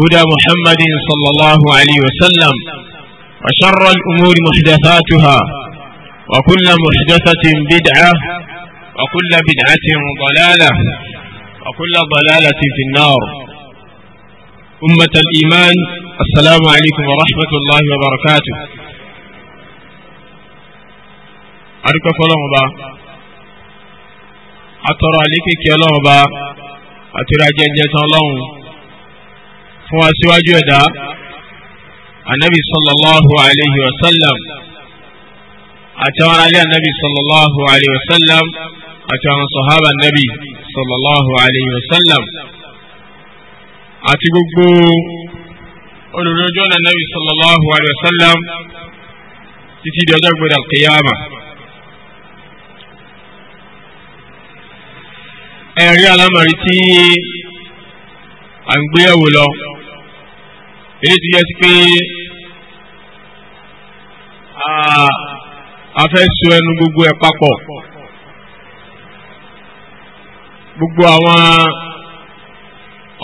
هدى محمد صلى الله عليه وسلم وشر الأمور محدثاتها وكل محدثة بدعة وكل بدعة ضلالة وكل ضلالة في النار أمة الإيمان السلام عليكم ورحمة الله وبركاته أركف لغبا أترى لك كلغبا أترى جنجة الله fún aṣíwájú ẹ̀dá anabi sallallahu alayhi wa sallam àti àwọn alẹ́ anabi sallallahu alayhi wa sallam àti àwọn sọ̀hábà anabi sallallahu alayhi wa sallam àti gbogbo olùdójọ́ anabi sallallahu alayhi wa sallam títí di ọjọ́ gbọdọ̀ kìyàmà. ẹ̀rí alámọ̀rí tí à ń gbéyàwó lọ èyí ti yẹ sí pé a fẹ́ so ẹnu gbogbo ẹ̀ papọ̀ gbogbo àwọn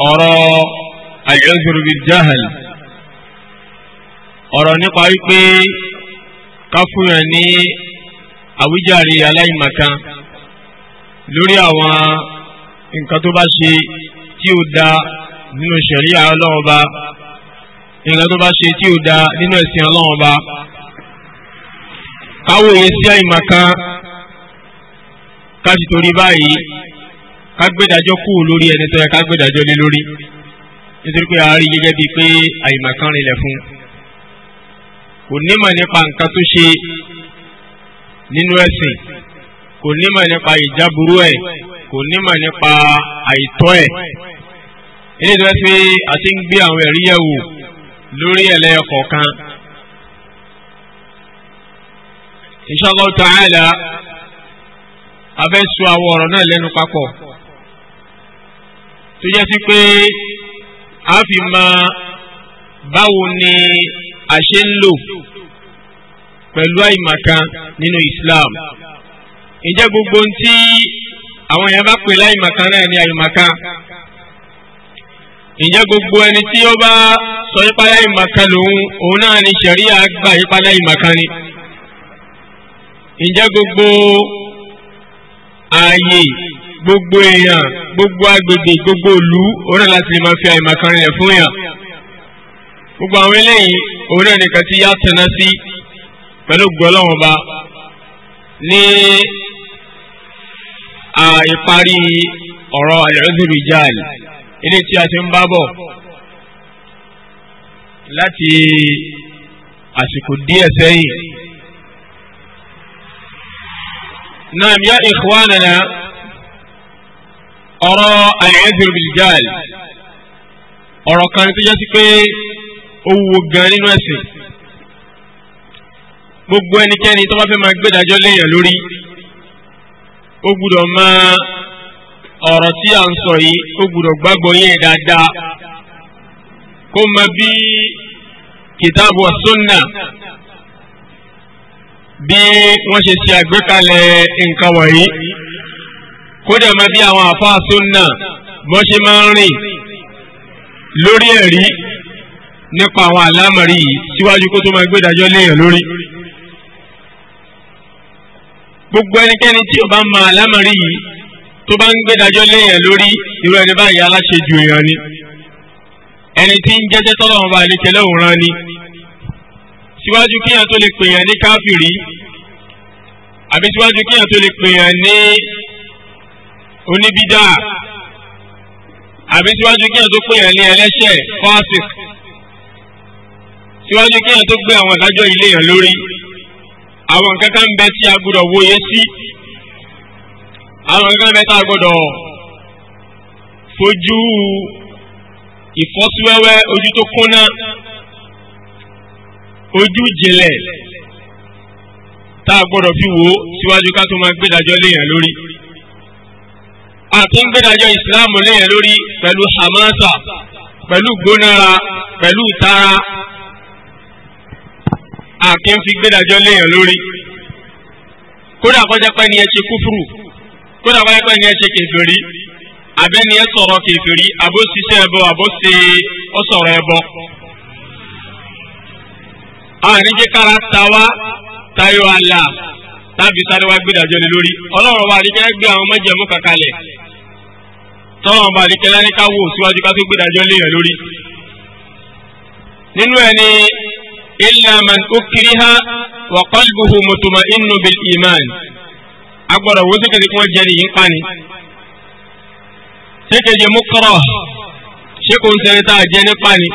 ọ̀rọ̀ al-uzru bil jahl ọ̀rọ̀ nípa wípé ká fún yàn ní àwíjàre aláìmọ̀kan lórí àwọn nǹkan tó bá ṣe tí ó da nínú ṣẹ̀ríà ọlọ́ọ̀ba nǹkan tó bá ṣe tí ò da nínú ẹ̀sìn ọlọ́run ọba káwọ́ òye sí àyìnbá kan káṣí torí báyìí kágbédájọ́ kù lórí ẹni tó yẹ kágbédájọ́ lé lórí nítorí pé àárín gẹ́gẹ́ bíi pé àyìnbá kan rinlẹ̀ fún kò nímọ̀ nípa nǹkan tó ṣe nínú ẹ̀sìn kò nímọ̀ nípa ìjáburú ẹ̀ kò nímọ̀ nípa àìtọ́ ẹ̀ eléyìí tó yẹ pé a ti ń gbé àwọn ẹ̀rí yẹ̀wò lórí ẹlẹ́yọ kọ̀ọ̀kan. Insha Allah Ta'ala abẹ́ sọ àwọn ọ̀rọ̀ náà lẹ́nu papọ̀ tó jẹ́ sí pé a fi mọ báwo ni a ṣe ń lò pẹ̀lú àìmọ̀kan nínú Islam ǹjẹ́ gbogbo ohun tí àwọn èèyàn bá pè láìmọ̀kan náà ní àìmọ̀kan ìjẹ́ gbogbo ẹni tí ó bá sọ ìpadà ìmọ̀kan lòun òun náà ni ṣẹ̀ríà gba ìpadà ìmọ̀kan ni ìjẹ́ gbogbo ààyè gbogbo èèyàn gbogbo agbègbè gbogbo ìlú òun náà láti máa fi àìmọ̀kan rẹ̀ fún yàn gbogbo àwọn eléyìí òun náà nìkan ti yàtọ̀nà sí pẹ̀lú gbọ́lọ́wọ́n ba ní ìparí ọ̀rọ̀ al-udhr ilé tí a ti ń bá bọ̀ láti àsìkò díẹ̀ sẹ́yìn. Naam ya ikhwanana ọ̀rọ̀ al-'izr bil-jahl ọ̀rọ̀ kan tó jásí pé ó wúwo gan nínú ẹ̀sìn. Gbogbo ẹnikẹ́ni tó bá fẹ́ máa gbẹ́dájọ́ léèyàn lórí ó gbúdọ̀ máa ọ̀rọ̀ tí a ń sọ yìí ó gbúdọ̀ gbàgbọ́ yẹn e dáadáa kó mọ bí kìtàbù wa sunna bí wọ́n ṣe ṣe àgbékalẹ̀ nǹkan wọ̀nyí kódà mọ bí àwọn àfáà sunna bọ́ ṣe máa ń rìn lórí ẹ̀rí nípa àwọn àlámọ̀rí yìí síwájú kó tó máa gbé ìdájọ́ léèyàn lórí gbogbo ẹnikẹ́ni tí ó bá mọ àlámọ̀rí yìí tó bá ń gbẹ́dájọ́ léèyàn lórí irú ẹni báyìí aláṣejù èèyàn ni ẹni tí ń jẹ́jẹ́ tọ́lọ́run bá lè tẹ̀lé òun rán ni síwájú kíyàn tó lè pèèyàn ní káfìrí àbí síwájú kíyàn tó lè pèèyàn ní oníbídà àbí síwájú kíyàn tó pèèyàn ní ẹlẹ́ṣẹ̀ fásik síwájú kíyàn tó gbé àwọn ìdájọ́ ilé yàn lórí àwọn nǹkan kan ń bẹ tí a gbọ́dọ̀ wòye sí àwọn kankan mẹ́ta gbọ́dọ̀ fojú ìfọ́síwẹ́wẹ́ ojú tó kúnná ojú jìnlẹ̀ tá a gbọ́dọ̀ fi wò ó síwájú ká tó máa gbẹ́dájọ́ léèyàn lórí àti ń gbẹ́dájọ́ ìsìláàmù léèyàn lórí pẹ̀lú hamasa pẹ̀lú gbónára pẹ̀lú tara àti ń fi gbẹ́dájọ́ léèyàn lórí kódà kọjá pẹ́ ni ẹ ti kúfùrù kódà wáyé pé ní ẹ ṣe kèfèrí abẹ́ni ẹ sọ̀rọ̀ kèfèrí àbó ṣiṣẹ́ ẹbọ àbó ṣe ọ sọ̀rọ̀ ẹbọ. àníjẹ́ kára ta wá tayọ àlà tàbí sáré wá gbẹdàjọ ni lórí ọlọ́run wa àdìkẹ́ gbé àwọn mẹ́jẹ̀mú kàkalẹ̀ tọ́lọ́run wa àdìkẹ́ láyé ká wò síwájú ká tó gbẹdàjọ léèyàn lórí. nínú ẹ̀ ni illa man ukriha wa qalbuhu mutma'innun bil iman agbọ́dọ̀ wo sékèjì kí wọ́n jẹ́ nìyí ń pa ni sékèjì mú kọ́rọ̀ ṣé kò ń sẹ́ni tá a jẹ́ nípa ni.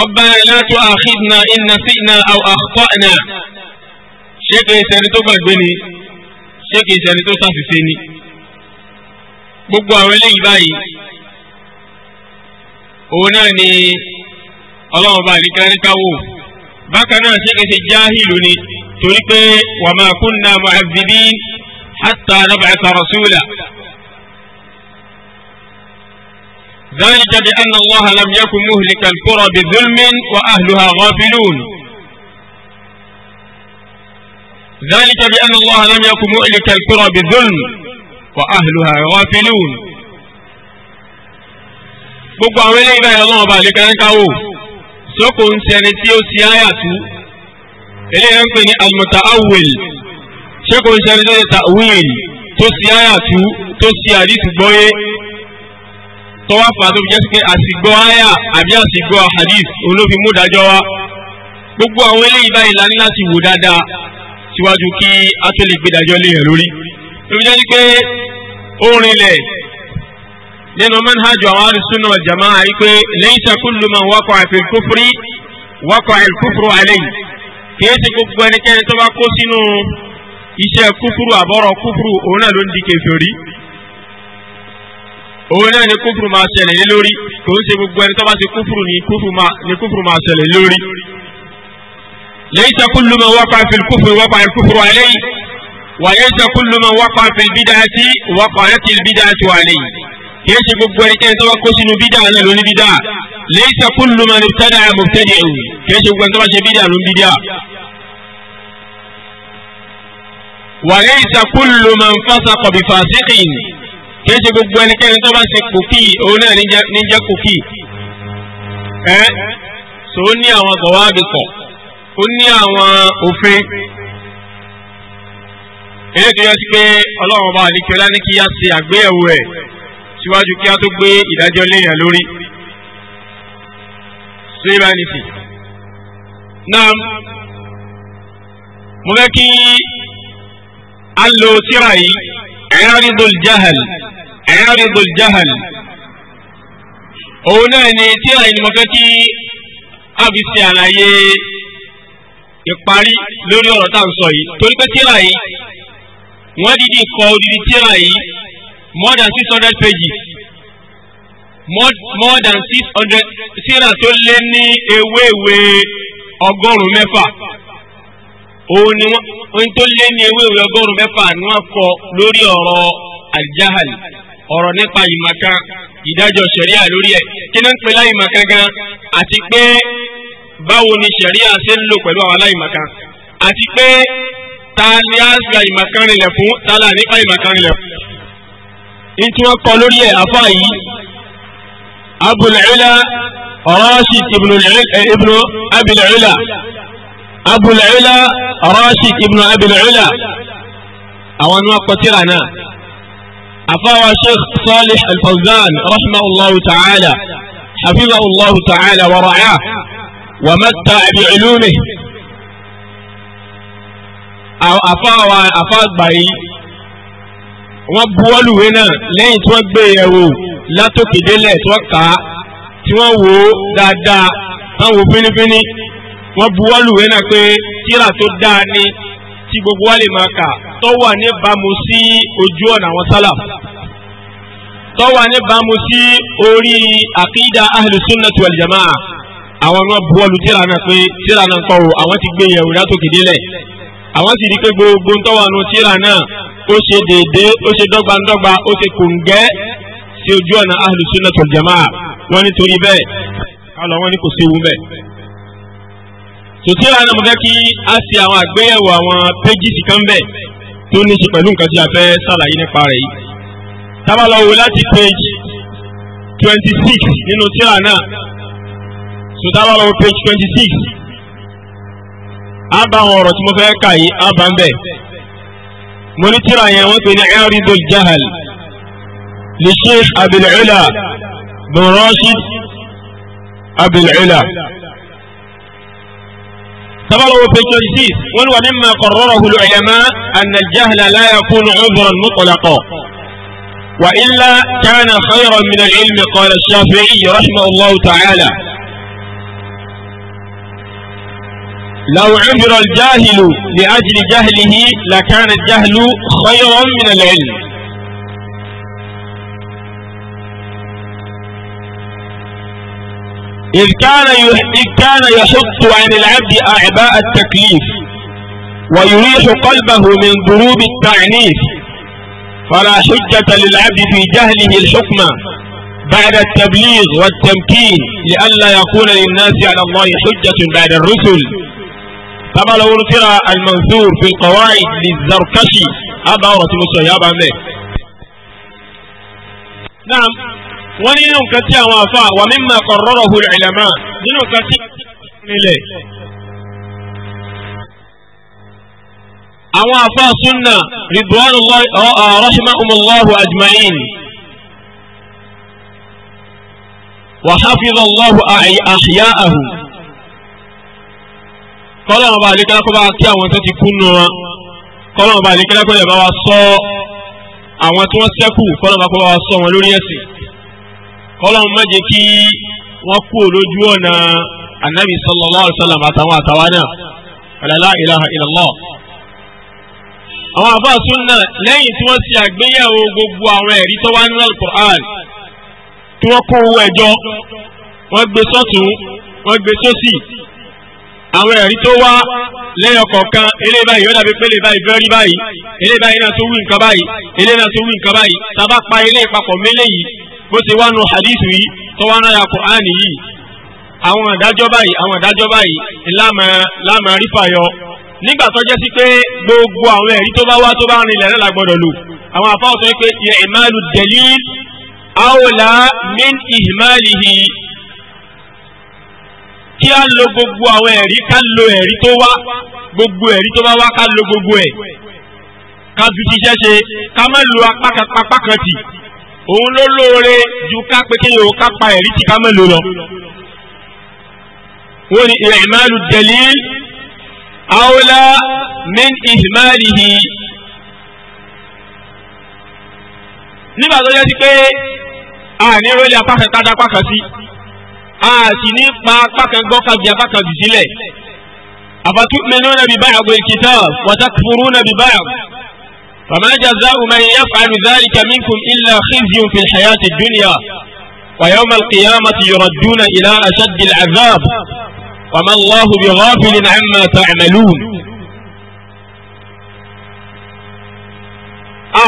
ربنا لا تؤاخذنا إن نسينا أو أخطأنا ṣé kì í ṣẹni tó gbàgbé ni ṣé kì í ṣẹni tó ṣàṣìṣe ni gbogbo àwọn eléyìí báyìí òun náà ni ọlọ́run bá àdìkẹ́ ní káwó bákan náà ṣé kì jáhìlú ni. تلقي وما كنا معذبين حتى نبعث رسولا ذلك بأن الله لم يكن مهلك القرى بظلم وأهلها غافلون ذلك بأن الله لم يكن مهلك القرى بظلم وأهلها غافلون بقوة وليبا يا الله بالك أنك أو سوكو انسياني تيو eléyìí ń pè ní alimọta awel ṣé kò ń ṣe ẹni lẹ́yìn tawil tó sì àyàtú tó sì àdìsí gbọ́yé tọ́wọ́ fà tó fi jẹ́ pé àsìgbọ́ àyà àbí àsìgbọ́ àdìs olófin mú dájọ́ wa gbogbo àwọn eléyìí báyìí la ní láti wò dáadáa síwájú kí a tó lè gbé dájọ́ lé lórí tó fi jẹ́ pé ó rinlẹ̀ nínú manhajú àwọn arìsúnà jamaa yìí pé laysa kullu man waqa'a fil kufri waqa'a al kufru kìí ṣe gbogbo ẹnikẹ́ni tó bá kó sínú iṣẹ́ kúfúrú àbọ̀rọ̀ kúfúrú òun náà ló ń di kèfèrí òun náà ni kúfúrú máa ṣẹlẹ̀ lé lórí kò ń ṣe gbogbo ẹni tó bá ṣe kúfúrú ni kúfúrú máa ṣẹlẹ̀ lórí. ليس كل من وقع في الكفر وقع الكفر عليه وليس كل من وقع في البدعة وقعت البدعة عليه kìí ṣe gbogbo ẹnikẹ́ni tó bá kó sínú bídà náà ló ní bídà laysa kullu man ibtada'a mubtadi'un kìí ṣe gbogbo àtọ́bàṣe bídíà ló ń bídíà. wa laysa kullu man fasaqa bi fasiqin kìí ṣe gbogbo ẹnikẹ́ni tó bá ṣe kòkì òun náà ní jẹ́ kòkì. ẹ sọ ó ní àwọn gọ̀wáàbí kọ̀ ó ní àwọn òfin èyí tó yẹ sí pé ọlọ́run ọba àdìkẹ́lá ní kí á ṣe àgbéyẹ̀wò ẹ̀ síwájú kí á tó gbé ìdájọ́ léèyàn lórí lórí bá ní sí. náà mo fẹ́ kí a lo síra yìí ẹ̀rọ̀dìdòl jahal ẹ̀rọ̀dìdòl jahal òun náà ni síra yìí ni mo fẹ́ kí a fi ṣe àlàyé ìparí lórí ọ̀rọ̀ tá à ń sọ yìí torí pé tíra yìí wọ́n dídì kọ odidi tíra yìí more than six hundred pages more, more than six hundred síra tó lé ní ewéèwé ọgọ́rùn-ún mẹ́fà òun ni wọ́n ohun tó lé ní ewéèwé ọgọ́rùn-ún mẹ́fà ni wọ́n kọ lórí ọ̀rọ̀ aljahal ọ̀rọ̀ nípa ìmọ̀kan ìdájọ́ ṣẹ̀ríà lórí ẹ̀ kí ló ń pè láìmọ̀kan gan àti pé báwo ni ṣẹ̀ríà ṣe ń lò pẹ̀lú àwọn aláìmọ̀kan àti pé ta ni a gba ìmọ̀kan rinlẹ̀ fún ta là nípa ìmọ̀kan rinlẹ̀ fún. ní tí wọ́n kọ lórí ẹ̀ àfáà yìí abul ula rashid ibnu ibnu abil ula abul ula rashid ibnu abil ula àwọn ni wọ́n kọ tírà náà àfáwà sheikh salih al-fawzan rahmatulahu ta'ala hafizahullahu ta'ala wa ra'ah wa matta bi ilumih àfáwà àfáàgbà yìí wọ́n buwọ́lùwé náà lẹ́yìn tí wọ́n gbé yẹ̀wò látòkè délẹ̀ tí wọ́n kà á tí wọ́n wò ó dáadáa wọ́n wò fínífíní wọ́n buwọ́lù wẹ́ náà pé tíra tó dáa ni tí gbogbo wa lè máa kà tó wà níbàámu sí ojú ọ̀nà àwọn sálàf tó wà níbàámu sí orí àkídà ahlu sunnati wal jamaa àwọn náà buwọ́lù tíra náà pé tíra náà kọ́ o àwọn ti gbé yẹ̀wò látòkè délẹ̀ àwọn sì rí pé gbogbo ń tọ́wọ́ àánú náà ó ṣe déédéé ó ṣe dọ́gbandọ́gba ó ṣe kòǹgẹ́ sí ojú ọ̀nà ahlu sunnah wal jamaa wọ́n nítorí bẹ́ẹ̀ kálọ̀ wọ́n ní kò séwu bẹ́ẹ̀. tòtí àná mo fẹ́ kí a ṣe àwọn àgbéyẹ̀wò àwọn pages kan bẹ́ẹ̀ tó ní ṣe pẹ̀lú nǹkan tí a fẹ́ ṣàlàyé nípa rẹ̀ yìí. tábàlọ́ wo láti page twenty six nínú tíra náà so tábàlọ́ wo page twenty six a bá àwọn ọ̀rọ̀ tí mo fẹ́ kà yìí a bá ń bẹ̀. mo ní tíra yẹn wọ́n pè ní ẹ̀rí jahal. للشيخ أبي العلا بن راشد أبي العلا تبروا في التجسيس ولو مما قرره العلماء أن الجهل لا يكون عذرا مطلقا وإلا كان خيرا من العلم قال الشافعي رحمه الله تعالى لو عبر الجاهل لأجل جهله لكان الجهل خيرا من العلم إذ كان كان يحط عن العبد أعباء التكليف ويريح قلبه من ضروب التعنيف فلا حجة للعبد في جهله الحكم بعد التبليغ والتمكين لئلا يكون للناس على الله حجة بعد الرسل كما لو ذكر المنثور في القواعد للزركشي أبا ورسول الله نعم wọ́n ní nǹkan tí àwọn afa wà mimma qarrarahu al-ulama nínú nǹkan tí nílẹ̀. àwọn afa sunna ridwanullahi rahimahumullahu ajma'in wa hafizallahu ahya'ahu kọ́lọ́ ọba àdékẹ́lá kọ́ bá kí àwọn tó ti kú nù wọn kọ́lọ́ ọba àdékẹ́lá kọ́ yẹ bá wa sọ àwọn tí wọ́n ṣẹ́kù kọ́lọ́ ọba kọ́ bá wa sọ wọn lórí ẹ̀sìn kọ́lọ́n má jẹ́ kí wọ́n kú lójú ọ̀nà anabi sallallahu alayhi wa sallam àtàwọn àtàwọn náà alala ilaha illallah. àwọn àfáà sunna lẹ́yìn tí wọ́n ṣe àgbéyẹ̀wò gbogbo àwọn ẹ̀rí tó wá nínú alukur'an tí wọ́n kó owó ẹjọ́ wọ́n gbé sọ́tún wọ́n gbé sósì àwọn ẹ̀rí tó wá lẹ́yọ kọ̀ọ̀kan eléyìí báyìí yọ̀dà bíi pélé báyìí bẹ́ẹ̀rí báyìí eléyìí báyìí náà tó wí nǹkan báyìí eléyìí náà tó wí nǹkan báyìí bó ṣe wá nu hadithu yìí tó wá náà ya Qur'ani yìí àwọn àdájọ́ báyìí àwọn àdájọ́ báyìí lámà lámà rí nígbà tó jẹ́ sí pé gbogbo àwọn ẹ̀rí tó bá wá tó bá rìn lẹ́rẹ́ la gbọ́dọ̀ lò àwọn àfáà sọ pé yẹ ìmáàlù dalil awla min ihmalihi kí á lo gbogbo àwọn ẹ̀rí ká lo ẹ̀rí tó wá gbogbo ẹ̀rí tó bá wá ká lo gbogbo ẹ̀ ká fi ṣiṣẹ́ ṣe ká má lo apá kan tì òun ló lóore ju ká pé kí yóò ká pa ẹ̀rí tí ká mẹ́lò lọ. wọ́n ní i'malu dalil awla min ihmalihi. nígbà tó yẹ sí pé a ní rẹ́lẹ̀ apákan kájá apákan sí a sì ní pa apákan gbọ́ka apákan jù sílẹ̀. afatu'minuna bi ba'dil kitab wa takfuruna bi ba'd. فما جزاء من يفعل ذلك منكم إلا خزي في الحياة الدنيا ويوم القيامة يردون إلى أشد العذاب وما الله بغافل عما تعملون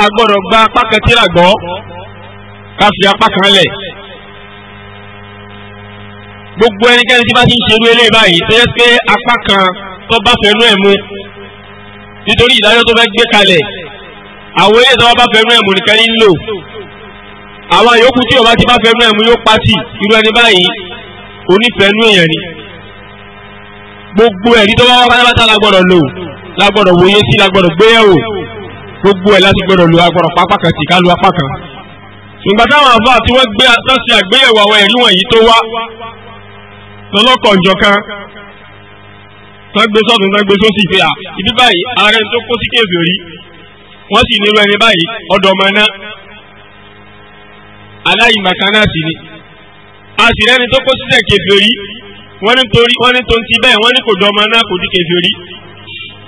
agbọ́dọ̀ gba apá kan tí ká fi apá kan lẹ̀ gbogbo ẹnikẹ́ni tí bá ti ń ṣerú eléyìí báyìí tó yẹ pé apá kan tó bá fẹ́nu ẹ̀ mu nítorí ìdájọ́ tó fẹ́ gbé kalẹ̀ àwọn ilé ìsọwọ́ bá fẹ́ràn ẹ̀mú nìkan ní lò àwọn àyókù tí ọba ti bá fẹ́ràn ẹ̀mú yóò pàtì irú ẹni báyìí onífẹ̀ẹ́nú èèyàn ni gbogbo ẹ̀rí tó wáwá pátápátá la gbọ́dọ̀ lò la gbọ́dọ̀ wòye sí la gbọ́dọ̀ gbéyàwó gbogbo ẹ̀ láti gbọ́dọ̀ lò agbọ́dọ̀ pápá kan sì ká lo apá kan ṣùgbọ́n táwọn àfa tí wọ́n gbé àtọ́sí àgbéyẹ̀wò àwọn ẹ̀rí wọ̀nyí wọ́n sì nírú ẹni báyìí ọ̀dọ̀mọ̀ná aláìmọ̀kan náà sì ni a sì rẹ́ni tó kó sílẹ̀ kèfèrí wọ́n ní torí wọ́n ní tó ń ti bẹ́ẹ̀ wọ́n ní kò dọ̀mọ̀ná kò di kèfèrí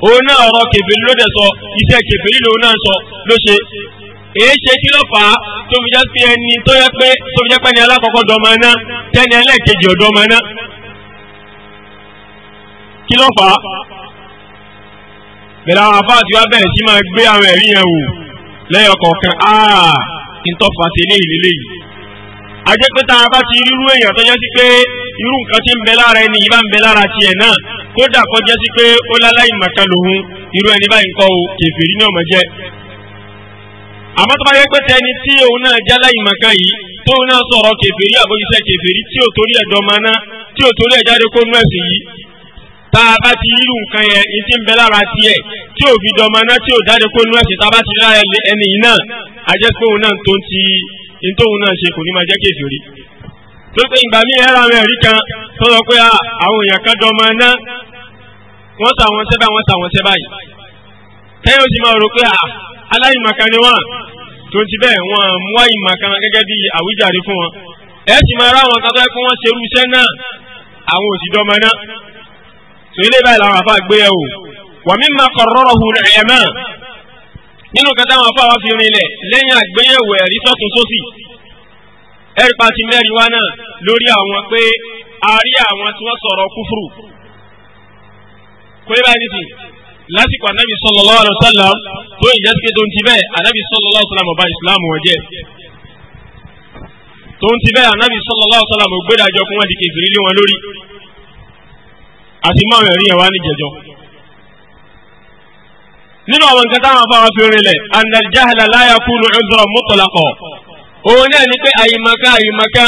òun náà ọ̀rọ̀ kèfèrí ló dẹ̀ sọ iṣẹ́ kèfèrí lòun náà sọ ló ṣe èyí ṣe kí ló fà á tó fi já sí ẹni tó yẹ pé tó fi já pé ẹni alákọ̀ọ́kọ́ dọ̀mọ̀ná tẹ́ni ẹlẹ́ẹ̀kejì ọ̀dọ̀mọ̀ná kí ló fà á pẹ̀lú àwọn afá àti wá bẹ̀rẹ̀ sí máa gbé àwọn ẹ̀rí yẹn wò lẹ́yọ kọ̀ọ̀kan áà ah, kí n tọ́ fàṣẹ ní ìlélẹ́ yìí. a jẹ́ pé tá a bá ti rírú èèyàn tó jẹ́ sí pé irú nǹkan tí ń bẹ lára ẹni yìí bá ń bẹ lára tiẹ̀ náà kódà kó jẹ́ sí pé ó láláì màkà lòun irú ẹni báyìí ń kọ́ o kèfèrí ní ọmọ jẹ́. àmọ́ tó bá yẹ pé tẹni tí òun náà já láì màkà yìí tóun náà sọ̀rọ̀ kèfèrí àbójútẹ́ kèfèrí tí ò torí ẹ̀dọ́ máa tí ò torí ẹ̀jáde kó nú ẹ̀sìn yìí tá a bá ti rírun nǹkan yẹn ní ti ń bẹ lára tiẹ̀ tí ò fi dọmọ náà tí ò jáde kó inú ẹ̀sìn tá a bá ti lára ẹni yìí náà a jẹ́ pé òun náà tó ń ti ní tóun náà ṣe kò ní máa jẹ́ kéfìrí. tó pé ìgbà míì ẹ̀rọ àwọn ẹ̀rí kan tó sọ pé ah, àwọn èèyàn kan dọmọ náà wọ́n sà wọ́n sẹ́bà wọ́n sà wọ́n sẹ́bà yìí. kẹ́yìn ó sì máa rò pé ah, aláìmọ̀kan ni wọ́n tó ti bẹ́ẹ̀ wọ́n mú gẹ́gẹ́ bí àwíjàre fún wọn. ẹ̀ ilé báyìí làwọn afa gbé yẹ̀wò wa mimma qarrarahu al-ulama nínú kẹta àwọn afa wa fi rinlẹ̀ lẹ́yìn àgbéyẹ̀wò ẹ̀rí sọ́tún sósì ẹ̀rí pati mẹ́rin wa náà lórí àwọn pé a rí àwọn tí wọ́n sọ̀rọ̀ kúfùrù kó ibà nìsín lásìkò anabi sallallahu alaihi wasallam tó ìjẹsìkè tó ń ti bẹ́ẹ̀ anabi sallallahu alaihi wasallam ọba ìsìlámù wọn jẹ́ tó ń ti bẹ́ẹ̀ anabi sallallahu alaihi wasallam ògbédàjọ fún wọn di kèfèrí lé wọn lórí àti máwọn ẹ̀rí yẹn wá ní jẹjọ. nínú àwọn nǹkan táwọn afáwọn fi rinlẹ̀ anàjáhàlà láyà kúlù ẹ̀dùrọ̀ mọ́tòlákọ̀ òun náà ni pé àyèmọ̀ká àyèmọ̀ká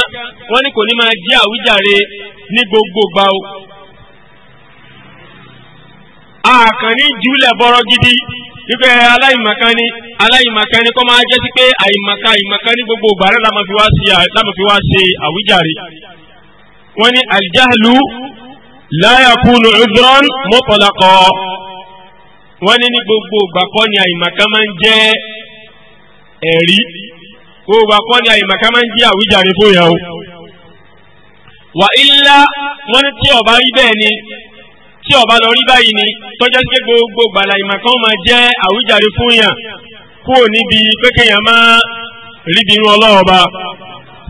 wọ́n ní kò ní máa jẹ́ àwíjàre ní gbogbo gbà o. àkànní júlẹ̀ bọ́rọ̀ gidi wípé aláìmọ̀ká ni aláìmọ̀ká ni kọ́ máa jẹ́ sí pé àyèmọ̀ká àyèmọ̀ká ní gbogbo gbà lámàfi wá ṣe àwíjàre. wọ́n ní àlìjáhàlú láyé udran mutlaqan wọ́n ní ní gbogbo ìgbàkọ́ ni àyìnmàkà máa ń jẹ́ ẹ̀rí gbogbo ìgbàkọ́ ni àyìnmàkà máa ń jẹ́ àwíjàre fún wà ilá wọ́n ní tí ọba rí bẹ́ẹ̀ tí ọba lọ rí báyìí ni gbogbo gbàlà máa jẹ́ àwíjàre fún kúrò níbi pé kéèyàn máa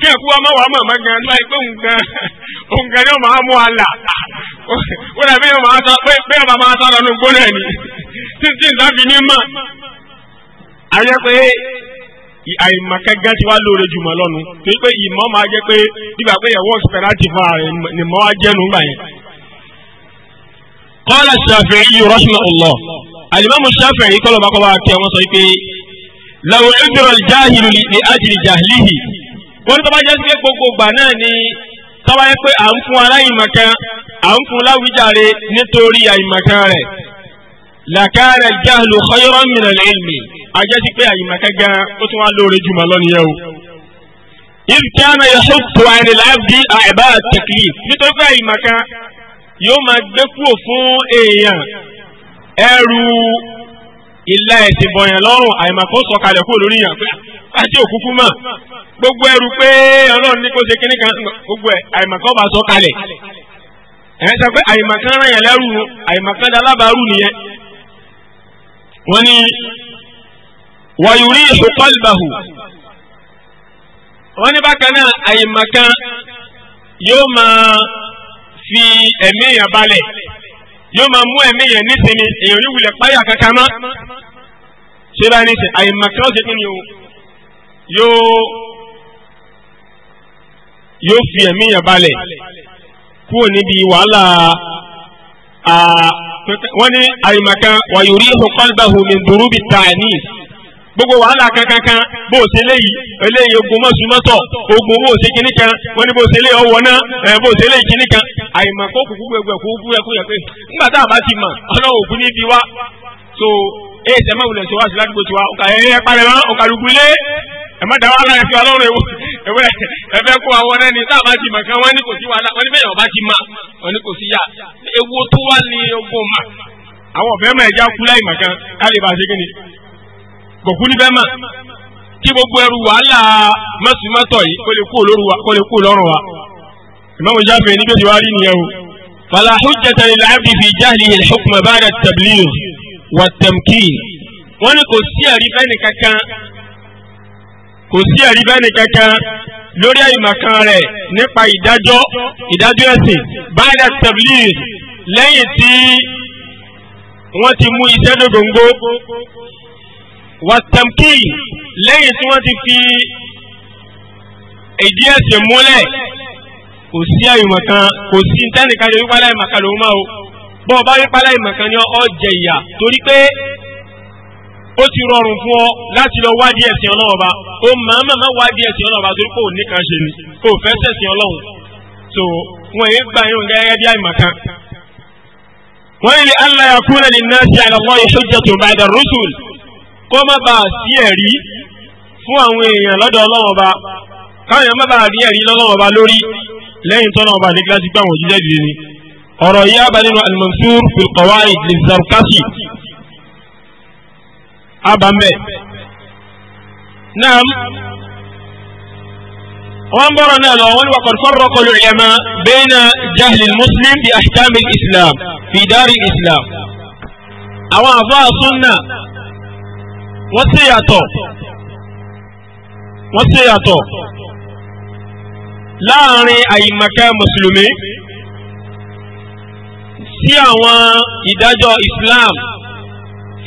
kí ẹ̀kú wa máa wà á màmá gan láì pé nǹkan nǹkan ni wọ́n máa mú àlà ó dàbí wọ́n máa sọ pé pé ọba máa sọ lọ́nu gbóná ẹ̀ ní títí ìdábì ní mà á pé àìmọ̀ kẹ́gẹ́ ti wá lóore jùmọ̀ lọ́nu torí pé ìmọ̀ máa jẹ́ pé nígbà pé ẹ̀wọ́ spẹ̀ráàtì fún ààrẹ ni mọ́ wá jẹ́nu gbà yẹn. qala Shafi'i rahimahullah alimamu Shafi'i kọ́lọ̀ bá kọ́ bá kẹ́ wọ́n sọ pé law udira al-jahilu li ajli jahlihi wọ́n ní tọ́ba jẹ́ sí pé gbogbo ìgbà náà ni tọ́ba yẹ pé à ń fún aláìmọ̀kan à ń fún láwùjáre nítorí àìmọ̀kan rẹ̀ làkàrẹ̀ jáàlù khayran minal ilmi àjẹ́ sí pé àìmọ̀kan gan ó tún wá lóore jùmọ̀ lọ́nìyẹn o. ìfìkànnà yẹ sọ tó àìrìnlá bí àìbá tẹ̀kìlì nítorí pé àìmọ̀kan yóò máa gbé kúrò fún èèyàn ẹrù ilá ẹ̀sìn bọ̀yàn lọ́rùn àìmọ̀kan sọ̀kalẹ̀ kúrò lórí yàn àti òkúkú mọ̀ gbogbo ẹrù pé ọlọ́run ní kó ṣe kíní kan gbogbo ẹ̀ àìmọ̀kan bá sọ kalẹ̀ ẹ̀ sọ pé àìmọ̀kan rán yẹn lẹ́rù àìmọ̀kan dá lábàárù nìyẹn wọ́n ní wàyúrí ìṣòkọ́lìbàhù wọ́n ní bákan náà àìmọ̀kan yóò máa fi ẹ̀mí èèyàn balẹ̀ yóò máa mú ẹ̀mí èèyàn nísìnyí èèyàn yóò wulẹ̀ páyà kankan mọ́ ṣé báyìí ní sẹ́ àìmọ̀kan ó ṣe kí ni o yóò yóò fi ẹ̀mí yẹn balẹ̀ kúrò níbi wàhálà wọ́n ní àyùmọ̀kan wàyòrí ìfọ̀kànbáhùn mi dùrú bíi tààní gbogbo wàhálà kankankan bó o ṣe léyìí eléyìí ogun mọ̀ súnmọ́tọ̀ ogun bó o ṣe kinní kan wọ́n ní bó o ṣe léyìí ọwọ́ náà ẹ̀ bó o ṣe léyìí kinní kan àyùmọ̀kọ́ kúkú gbẹgbẹ kó kú ẹkú yẹ pé nígbà tá a bá ti mọ̀ ọlọ́run òkú ní wá so ẹ̀ ṣẹ̀ mọ̀ wulẹ̀ ṣe wá sí ládùúgbò tiwa ẹ má dá wàhálà ẹsẹ Ọlọ́run ewu ewé ẹfẹ kó àwọn ọ̀rẹ́ ni táà bá ti mọ kan wọn ní kò sí wàhálà wọn ní bẹyàn bá ti ma wọn ní kò sí yá ewu tó wà ní ogun ma àwọn ọbẹ mọ ẹja kú láì màkan kálí bá ṣe kí ni kòkú ní bẹ́ẹ̀ mà kí gbogbo ẹrù wàhálà mọ̀tìmọ́tọ̀ yìí kó lè kú lóru wa kó lè kú lọ́rùn wa ìmọ̀mù jáfe níbi òjò rí nìyẹn o. fala hujjata lil fi jahlihi al-hukma ba'da at-tabligh wa at-tamkin wọ́n kò sí ẹ̀rí fẹ́ni kankan kò sí ẹ̀rí bẹ́ẹ̀ni kankan lórí àyùmọ̀kan rẹ̀ nípa ìdájọ́ ìdájọ́ ẹ̀sìn báyìí tabligh lẹ́yìn tí wọ́n ti mú iṣẹ́ dògóńgó watamkin lẹ́yìn tí wọ́n ti fi ìdí ẹ̀sìn múlẹ̀ kò sí àyùmọ̀kan kò sí tẹ́nìkan lórí pálá ìmọ̀kan lòún máa o bọ́ọ̀ bá rí pálá ìmọ̀kan ni ó jẹ ìyà torí pé ó ti rọrùn fún ọ láti lọ wádìí ẹ̀sìn ọlọ́run ọba ó màmá má wádìí ẹ̀sìn ọlọ́run ọba torí kò ní kan ṣe ni kò fẹ́ sẹ̀sìn ọlọ́run so wọn èyí gba irun gẹ́gẹ́ bí àìmọ̀kan. wọ́n ní allah yakuna lè ná sí àlọ́wọ́ tó bá dàrú sùn kó má bàa sí ẹ̀rí fún àwọn èèyàn lọ́dọ̀ ọlọ́run ọba káwọn má bàa rí ẹ̀rí lọ́lọ́run ọba lórí lẹ́yìn tọ́lọ́run ọba nígbà tí gbàwọ̀n jíjẹ́ dìde ni ọ̀rọ̀ yìí á bá nínú al-Mansur fil abambẹ naam wọn bọrọ náà lọ wọn wà kọrọkọ rọkọlù ẹmẹ bẹẹna jahli muslim bi ahkami islam fi dari islam àwọn àfáà sunna wọn sì yàtọ̀ wọn sì yàtọ̀ láàrin àyìnmọkẹ mùsùlùmí sí àwọn ìdájọ́ islam. islam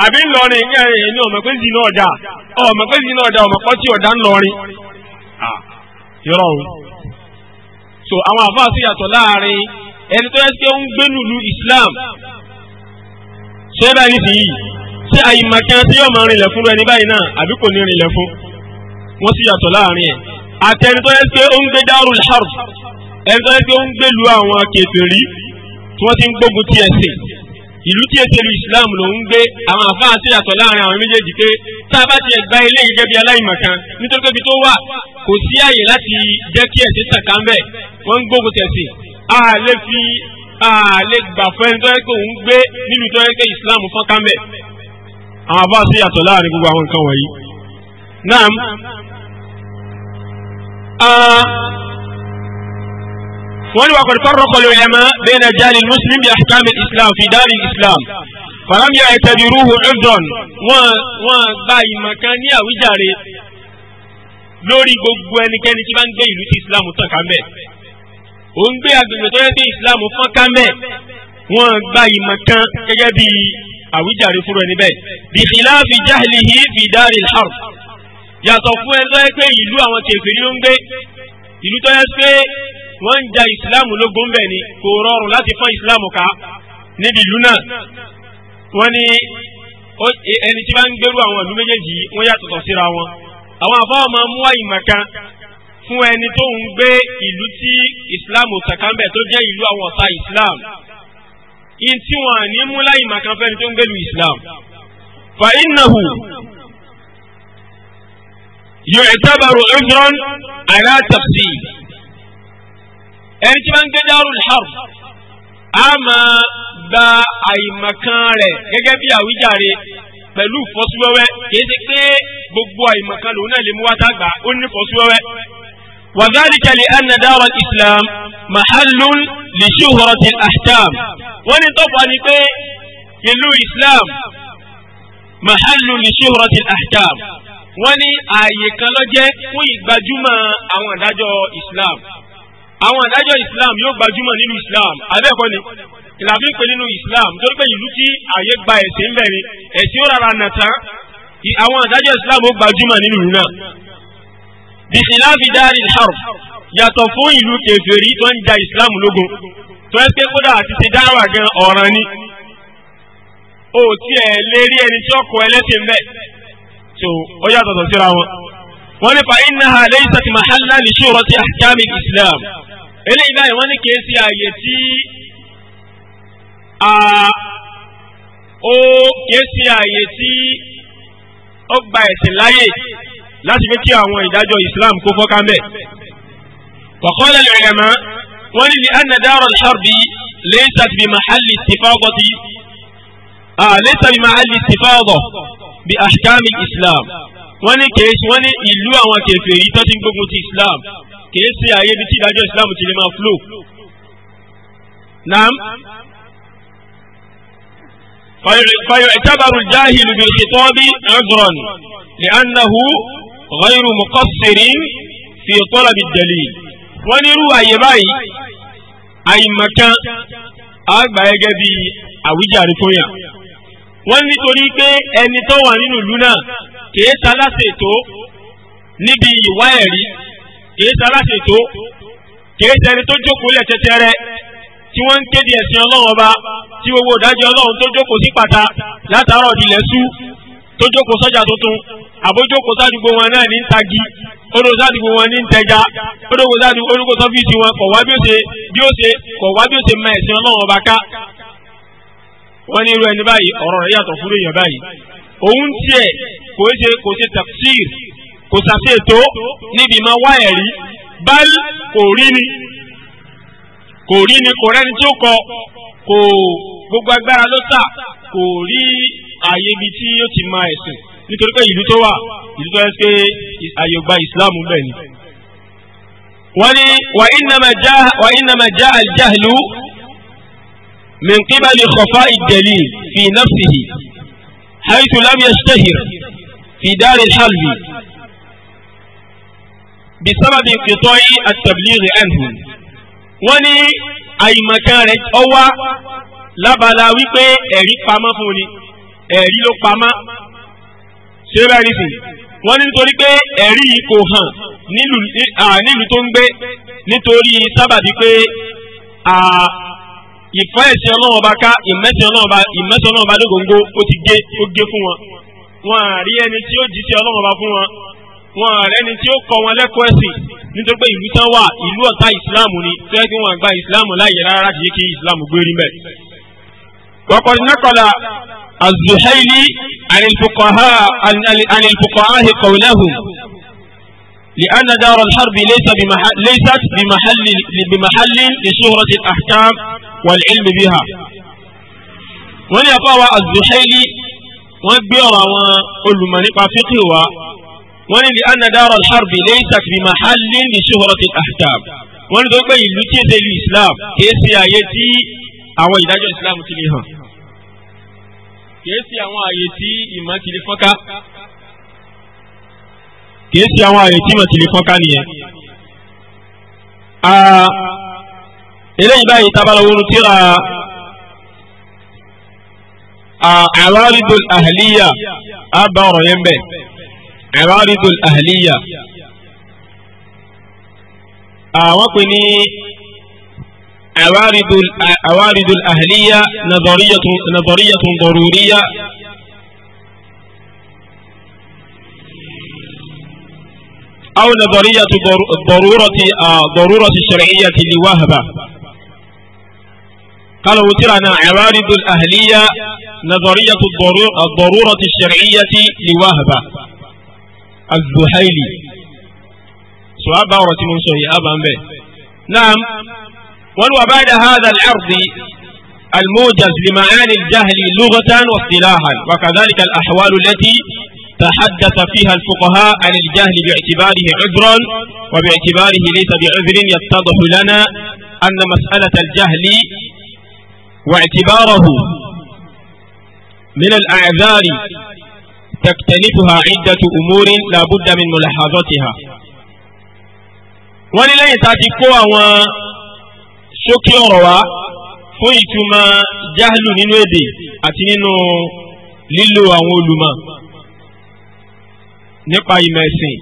àbí ńlọrin ní ẹ̀yìn ní ọmọ pé zina ọ̀dà ọmọ pé zina ọ̀dà ọmọ pọ́tì ọ̀dà ńlọrin yọrọ o so àwọn àfa sì yàtọ̀ láàrin ẹni tó yẹ kí ó ń gbénùlù Islam ṣé báyìí nìyí ṣé àyìnmàkan tí yóò máa rìnlẹ̀ fún ẹni báyìí náà àbí kò ní rìnlẹ̀ fún wọ́n sì yàtọ̀ láàrin ẹ̀ àtẹni tó yẹ kí ó ń gbé dárul harb ẹni tó yẹ kí ó ń gbélu àwọn kèfèrí tí wọ́n ti ń gbógun ti ẹ̀sìn ìlú tí ètò Islam ló ń gbé àwọn àfáà sí àtọ̀ láàrin àwọn méjèèjì pé tá a bá ti gba ilé gẹ́gẹ́ bí aláìmọ̀kan nítorí pé ibi tó wà kò sí àyè láti jẹ́ kí ẹ̀sìn tàkà ń bẹ̀ wọ́n ń gbógun tẹ̀sìn a lè fi a lè gbà fún ẹni tó yẹ kó ń gbé nínú tó yẹ kó Islam fọ́n ká ń bẹ̀. àwọn àfáà sí àtọ̀ láàrin gbogbo àwọn nǹkan wọ̀nyí. naam wọ́n ní wàkọ̀dé fárọ́kọ̀ lè lẹ́mọ bẹ́ẹ̀ jáde muslim bí ahkam islam fi dáàbì islam falam yà ẹ̀tẹ̀dì rúhù ẹ̀dọ̀n wọ́n wọ́n gba ìmọ̀ kan ní àwíjàre lórí gbogbo ẹnikẹ́ni tí bá ń gbé ìlú tí islam tàn ká mẹ́ ò ń gbé agbègbè tó yẹ pé islam fọ́n ká mẹ́ wọ́n gba ìmọ̀ gẹ́gẹ́ bí àwíjàre fúnra ẹni bẹ́ẹ̀ bí khilafi jahlihi fi dáàbì harf yàtọ̀ fún ẹ lọ́yẹ́ pé ìlú àwọn kèfèrí ló ń gbé ìlú tó yẹ wọ́n ń ja ìsìláàmù lógún bẹ́ẹ̀ ni kò rọrùn láti fọ́n ìsìláàmù ká níbi ìlú náà wọ́n ní ẹni tí bá ń gbèrú àwọn ìlú méjèèjì wọ́n yàtọ̀tọ̀ síra wọn àwọn àfọwọ́ máa mú àyìnbá kan fún ẹni tó ń gbé ìlú tí ìsìláàmù tàkàmbẹ̀ tó jẹ́ ìlú àwọn ọ̀tá ìsìláàmù in tí wọn ní mú láyìnbá kan fẹ́ni tó ń gbèlú ìsìláàmù fa innahu yu'tabaru udran ala tafsir ẹni tí wọ́n ń gbé dárul harb a máa gba àìmọ̀kan rẹ̀ gẹ́gẹ́ bí àwíjàre pẹ̀lú fọ́súwẹ́wẹ́ kìí ṣe pé gbogbo àìmọ̀kan lòun náà lè mú wá tágbà ó ní fọ́súwẹ́wẹ́. وذلك لأن دار الإسلام محل لشهرة الأحكام wọ́n tọ́pọ̀ ni pé ìlú Islam محل لشهرة الأحكام wọ́n ní ààyè kan ló jẹ́ fún ìgbajúmọ̀ àwọn ìdájọ́ Islam àwọn àdájọ́ islam yóò gbajúmọ̀ nínú islam abẹ́ẹ̀kọ́ ni ìlàbí ń pè nínú islam torí pé ìlú tí àyè gba ẹ̀sìn ń bẹ̀rẹ̀ ẹ̀sìn ó rárá nàtán àwọn àdájọ́ islam ó gbajúmọ̀ nínú ìlú náà bìsìláàfi dáàrí ìṣàrò yàtọ̀ fún ìlú kèfèrí tó ń ja islam lógun tó ẹ pé kódà àti ti dáwà gan ọ̀ràn ni ó tiẹ̀ lé rí ẹni tí ọkọ̀ ẹlẹ́sìn bẹ́ẹ̀ tó ó yàtọ̀ síra wọn. wọ́n nípa innaha laysat mahalla li shurati ahkam al-islam eléyìí báyìí wọ́n ní kìí sí ààyè tí ó kìí sí ààyè tí ó gba ẹ̀sìn láyè láti fi kí àwọn ìdájọ́ Islam kó fọ́ká mẹ́. وقال العلماء ولأن دار الحرب ليست بمحل استفاضة آه ليس بمحل استفاضة بأحكام الإسلام wọ́n ní kèésì wọ́n ní ìlú àwọn kèfèrí tó ti gbógun ti Islam kìí ṣe àyè ibi tí ìdájọ́ islam ti lè máa flow. naam فيعتبر الجاهل بالخطاب عذرا لأنه غير مقصر في طلب الدليل ونرو أي باي أي مكان àgbà gẹ́gẹ́ bí àwíjàre fún yà wọ́n nítorí pé ẹni tó wà nínú ìlú náà kìí ta láṣẹ ètò níbi ìwá ẹ̀rí kìí ṣe aláṣetò kìí ṣe tó jókòó lẹ̀ tẹ́tẹ́rẹ́ tí wọ́n ń kéde ẹ̀sìn ọlọ́run ọba tí gbogbo ìdájọ́ ọlọ́run tó jókòó sí pàtà látàárọ̀ dilẹ̀ sú tó jókòó sọjà tuntun àbójókòó sádùgbò wọn náà ní ntagi odò sádùgbò wọn ní ntẹja sádùgbò wọn kọ̀ wá bí ó ma ọba ká ní ẹni báyìí ọ̀rọ̀ rẹ̀ yàtọ̀ báyìí òun tiẹ̀ kò ṣe kò sàṣètò níbi máa wá ẹ̀rí báyìí kò rí ni kò rí ni kò rẹ́ni tí ó kọ kò gbogbo agbára ló sà kò rí àyè ibi tí yóò ti máa ẹ̀sìn nítorí pé ìlú tó wà ìlú tó yẹ pé àyè gba ìsìláàmù bẹ́ẹ̀ ni. wọ́n ní wà ìnàmà já àjáhìlú min qibali khafa'i dalil fi nafsihi haythu lam yashtahir fi dari halbi بسبب انقطاع التبليغ عنه وني أي مكان أو lábala wípé ẹ̀rí pamọ́ fún ni ẹ̀rí ló pamọ́ ṣé bá rí sí wọ́n ní nítorí pé ẹ̀rí yìí kò hàn nílùú tó ń gbé nítorí sábàbí pé ìfọ́ ẹ̀sìn ọlọ́run ọba ká ìmẹ́sìn ọlọ́run ọba ìmẹ́sìn ọlọ́run ọba lógóńgó ó ti gé ó gé fún wọn wọn à rí ẹni tí ó jíṣẹ́ ọlọ́run ọba fún wọn wọn rẹni tí ó kọ́ wọn lẹ́kọ̀ọ́ ẹ̀sìn nítorí pé ìlú tán wà ìlú ọ̀tá ìsìláàmù ni tó yẹ kí wọn gba ìsìláàmù láàyè rárá kì kí ìsìláàmù gbé rí bẹ́ẹ̀. وقد نقل الزحيلي عن الفقهاء عن الفقهاء قولهم لأن دار الحرب ليس بمحل ليست بمحل بمحل لشهرة الأحكام والعلم بها wọ́n ní àfáwà az-Zuhayli wọ́n gbé ọ̀rọ̀ àwọn olùmọ̀ nípa fíkì wá wọ́n ní li anna dara al-harbi laysat bi mahallin li shuhrati al-ahkam wọ́n ní tó pé ìlú tí èdè ìlú islam kìí ṣe àyè tí àwọn ìdájọ́ islam ti lè hàn kìí àwọn àyè tí ìmọ̀ ti lè fọ́nká kìí àwọn àyè tí ìmọ̀ ti lè fọ́nká nìyẹn. eléyìí báyìí tabalawó ní tíra àwárídò àhàlíyà á ọ̀rọ̀ yẹn bẹ́ẹ̀. عوارض الأهلية أوقني عوارض عوارض الأهلية نظرية نظرية ضرورية أو نظرية ضرورة ضرورة الشرعية لوهبة قالوا ترانا عوارض الأهلية نظرية الضرورة الشرعية لوهبة الزهيلي سؤال sọ àbá ọ̀rọ̀ tí نعم ń sọ هذا العرض الموجز لمعاني الجهل لغة واصطلاحا وكذلك الأحوال التي تحدث فيها الفقهاء عن الجهل باعتباره عذرا وباعتباره ليس بعذر يتضح لنا أن مسألة الجهل واعتباره من الأعذار تكتنفها عدة أمور لا بد من ملاحظتها wọ́n ní lẹ́yìn tá a ti kó àwọn ṣókí ọ̀rọ̀ wá fún ìtumọ̀ jahlu nínú èdè àti nínú lílo àwọn olùmọ̀ nípa ìmọ̀ ẹ̀sìn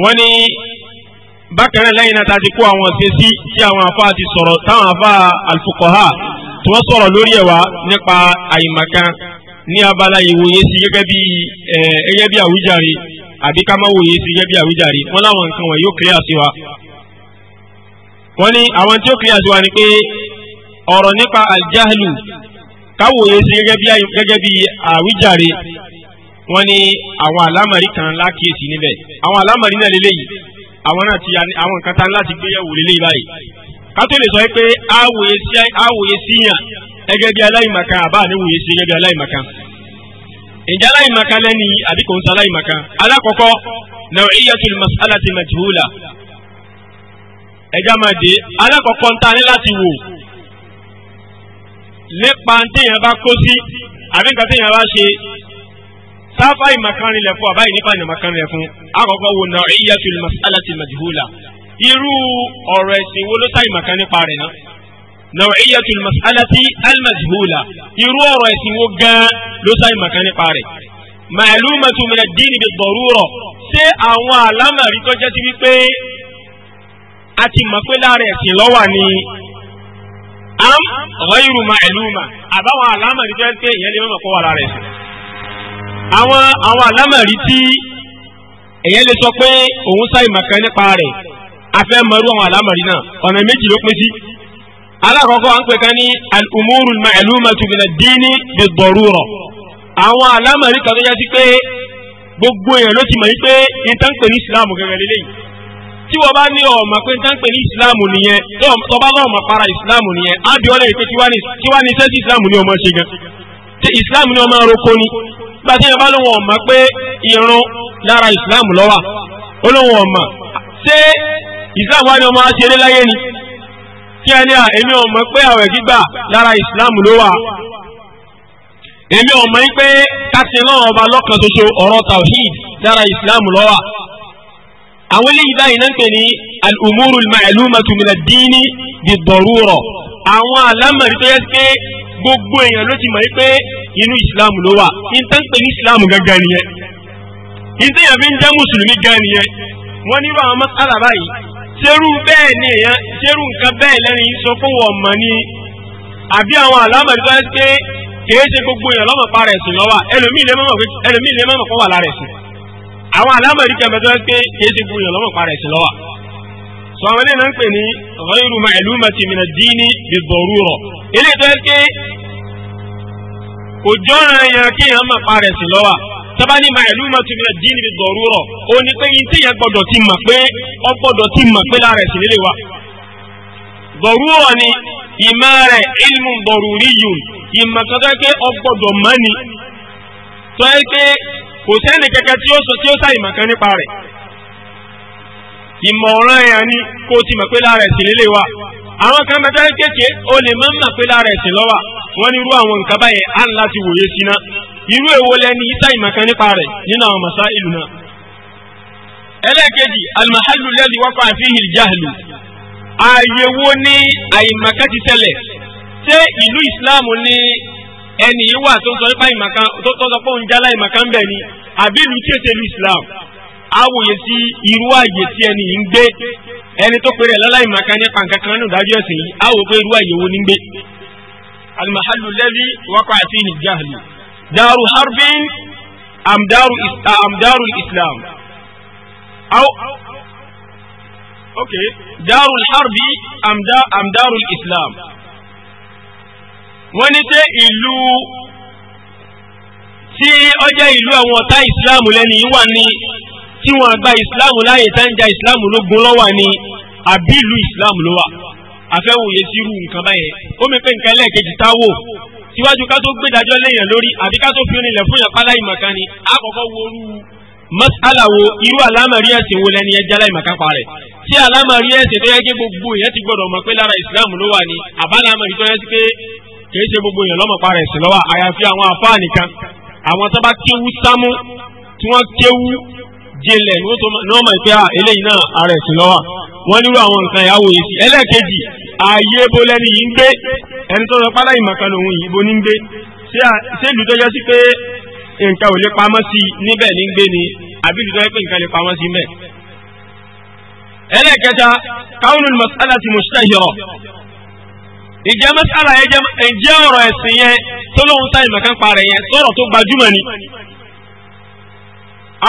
wọ́n ní bákan náà lẹ́yìn náà tá a ti kó àwọn ṣesí tí àwọn afa ti sọ̀rọ̀ táwọn afa al-fuqaha tí wọ́n sọ̀rọ̀ lórí ẹ̀ wá nípa àyìnmọ̀kan ní abala ìwòye sí gẹ́gẹ́ bí gẹ́gẹ́ bí àwíjàre àbí ká má wòye sí gẹ́gẹ́ bí àwíjàre wọ́n láwọn nǹkan wọ̀nyí ó kílíà sí wa. wọ́n ní àwọn tí ó kílíà sí wa ni pé ọ̀rọ̀ nípa aljahlu káwòye sí gẹ́gẹ́ bí àwíjàre wọ́n ní àwọn àlámọ̀rí kan lákìyèsí níbẹ̀ àwọn àlámọ̀rí náà lélẹ́yìí àwọn náà ti àwọn nǹkan tán láti gbéyàwó lélẹ́yìí báyìí ká tó lè sọ pé àwòye sí ẹgẹ́ bí aláìmọ̀kan àbá àníwòye sí ẹgẹ́ bí aláìmọ̀kan ǹjẹ́ aláìmọ̀kan lẹ́ni àbí kò ń sa aláìmọ̀kan alákọ̀ọ́kọ́ naw'iyatul mas'alati majhula ẹja máa dé alákọ̀ọ́kọ́ ń ta ní láti wò nípa téèyàn bá kó sí àbí nǹkan téèyàn bá ṣe sáfà ìmọ̀kànrinlẹ̀ fún àbáyé nípa ìmọ̀kànrinlẹ̀ fún àkọ́kọ́ wo naw'iyatul mas'alati majhula irú ọ̀rọ̀ ẹ̀sìn wo ló sá ìmọ̀kan nípa rẹ̀ náà naw'iyatul mas'alati al-majhula irú ọ̀rọ̀ ẹ̀sìn wo gan ló sáyé màkàn nípa rẹ̀ ma'lumatu min ad-din bid-darura ṣé àwọn àlámàrí tó jẹ́ ti wípé a ti mọ̀ pé lára ẹ̀sìn lọ́wà ni am ghayru ma'luma àbáwọn àlámàrí tó jẹ́ pé ìyẹn lè mọ̀ kọ́ wà lára ẹ̀sìn àwọn àwọn àlámàrí tí èyẹ lè sọ pé òun sáyé màkàn nípa rẹ̀ afẹ́ mọ̀rú àwọn àlámàrí náà ọ̀nà méjì ló pín sí alákọ̀ọ́kọ́ à ń pè kan ní al-umuru al-ma'lumatu min ad-dini bid-darura àwọn alámọ̀rí kan tó yá sí pé gbogbo èèyàn ló ti mọ̀ wípé nǹkan pè ní ìsìláàmù gẹ́gẹ́ lélẹ́yìn tí wọ́n bá ní ọmọ pé nǹkan pè ní ìsìláàmù nìyẹn tó bá lọ́ọ̀mọ para ìsìláàmù nìyẹn á bí ọlẹ́yìn pé kí wá ní sẹ́sì ìsìláàmù ní ọmọ ṣe gan tí ìsìláàmù ní roko ni nígbà tí yẹn bá lóun ọmọ pé ìrun lára ìsìláàmù ló wà ó lóun ọmọ ṣé ìsìláàmù wá ní ọmọ á ṣe kí ẹni à èmi ò mọ̀ pé àwẹ̀ gbígbà lára islam ló wà èmi ò mọ̀ pé kásin náà ọba lọ́kàn ṣoṣo ọ̀rọ̀ tawhid lára islam ló wà àwọn eléyìí báyìí náà ń pè ní al-umuru al-ma'lumatu min ad-dini bid-darura àwọn àlámọ̀rí tó yẹ pé gbogbo èèyàn ló ti mọ̀ pé inú islam ló wà nǹkan pè ní islam gangan nìyẹn nǹkan yẹn fi ń jẹ́ mùsùlùmí gan nìyẹn wọ́n nírú ṣerú bẹ́ẹ̀ ni èèyàn ṣerú nǹkan bẹ́ẹ̀ lẹ́rìn yìí sọ fún wọn mọ̀ ni àbí àwọn àlámọ̀dé tó ń pé kìí ṣe gbogbo èèyàn lọ́mọ̀ pa rẹ̀ sùn lọ́wọ́ ẹlòmíì lè mọ̀mọ̀ kó wà lára ẹ̀ sùn àwọn àlámọ̀dé kẹfẹ́ tó ń pé kìí ṣe gbogbo èèyàn lọ́mọ̀ pa rẹ̀ sùn lọ́wọ́ sọ àwọn ilé náà ń pè ní ghayru ma'lumati min tabali ma'lumatun min ad-din bid-darura ó ní pé yín téèyàn gbọ́dọ̀ ti mọ̀ pé ọ gbọ́dọ̀ ti mọ̀ pé lára ẹ̀sìn lélẹ̀ wa. darura ni ìmọ̀ rẹ̀ ilmun daruriyyun ìmọ̀ kan tó yẹ pé ọ gbọ́dọ̀ mọ̀ ni tó yẹ pé kò sẹ́ni kẹ̀kẹ́ tí ó sọ tí ó sá ìmọ̀ kan nípa rẹ̀ ìmọ̀ ọ̀ràn ni kó o ti mọ̀ pé lára ẹ̀sìn lélẹ̀ wa àwọn kan bẹ́tẹ́ kéèké o lè má mọ̀ pé lára ẹ̀sìn lọ́wà wọ́n ní irú àwọn nǹkan báyẹn á láti wòye síná irú èwo lẹni yìí táyì màkà nípa rẹ̀ nínú àwọn masá ìlú náà. ẹlẹ́ẹ̀kejì alimahalu lẹ́bi wákọ̀ àfi hìljáàlù ààyè wo ni àyèmàkà ti tẹ̀lẹ̀ ṣé ìlú ìsìláàmù ni ẹni yìí wà tó ń sọ nípa ìmàkà tó tọ́ sọ pé òun jálá ìmàkà ń bẹ̀ ni àbí ìlú tí èsè ìlú ìsìláàmù awòye sí irú àyè tí ẹni yìí ń gbé ẹni tó pèrè láláì màkà daru harbin am daru am daru islam aw okay daru harbi am da am daru islam wọ́n ní pé ìlú tí ó jẹ́ ìlú àwọn ọ̀tá ìsìláàmù lẹ́ni yìí wà ní tí wọ́n gba ìsìláàmù láàyè tá ń ja ìsìláàmù lógun lọ́wà ní àbí ìlú ìsìláàmù ló wà àfẹ́wòye sírú nǹkan báyẹn ó mi pé nǹkan ẹlẹ́ẹ̀kejì táwò síwájú ká tó gbédájọ́ léèyàn lórí àbí ká tó fi onílẹ̀ fún yàn pálá ìmọ̀kan ni àkọ́kọ́ worú masala wo irú alámàrí ẹ̀sìn wo lẹ́ni ẹja láìmọ̀kan pa rẹ̀ tí alámàrí ẹ̀sìn tó yẹ kí gbogbo èèyàn ti gbọ́dọ̀ mọ̀ pé lára ìsìláàmù ló wà ní àbálámàrí tó yẹ sí pé kìí ṣe gbogbo èèyàn lọ́mọ̀ pa rẹ̀ sí lọ́wọ́ àyàfi àwọn àfáà nìkan àwọn tó bá kéwú sámú tí wọ́n kéwú jinlẹ̀ ní wọ́n mọ̀ pé ah, ààyè bo lẹ́ni yìí ń gbé ẹni tó sọ pálá ìmọ̀kan lòun yìí bo ní ń gbé ṣé ìlú tó jẹ́ sí pé nǹkan ò lè pamọ́ sí níbẹ̀ ní ń gbé ni àbí ìlú tó jẹ́ pé nǹkan lè pamọ́ sí níbẹ̀. ẹlẹ́ẹ̀kẹta kaunul mas'alati mushtahira ìjẹ́ mas'ala ẹ̀jẹ̀ ọ̀rọ̀ ẹ̀sìn yẹn tó lóun tá ìmọ̀kan parẹ̀ yẹn sọ̀rọ̀ tó gbajúmọ̀ ni.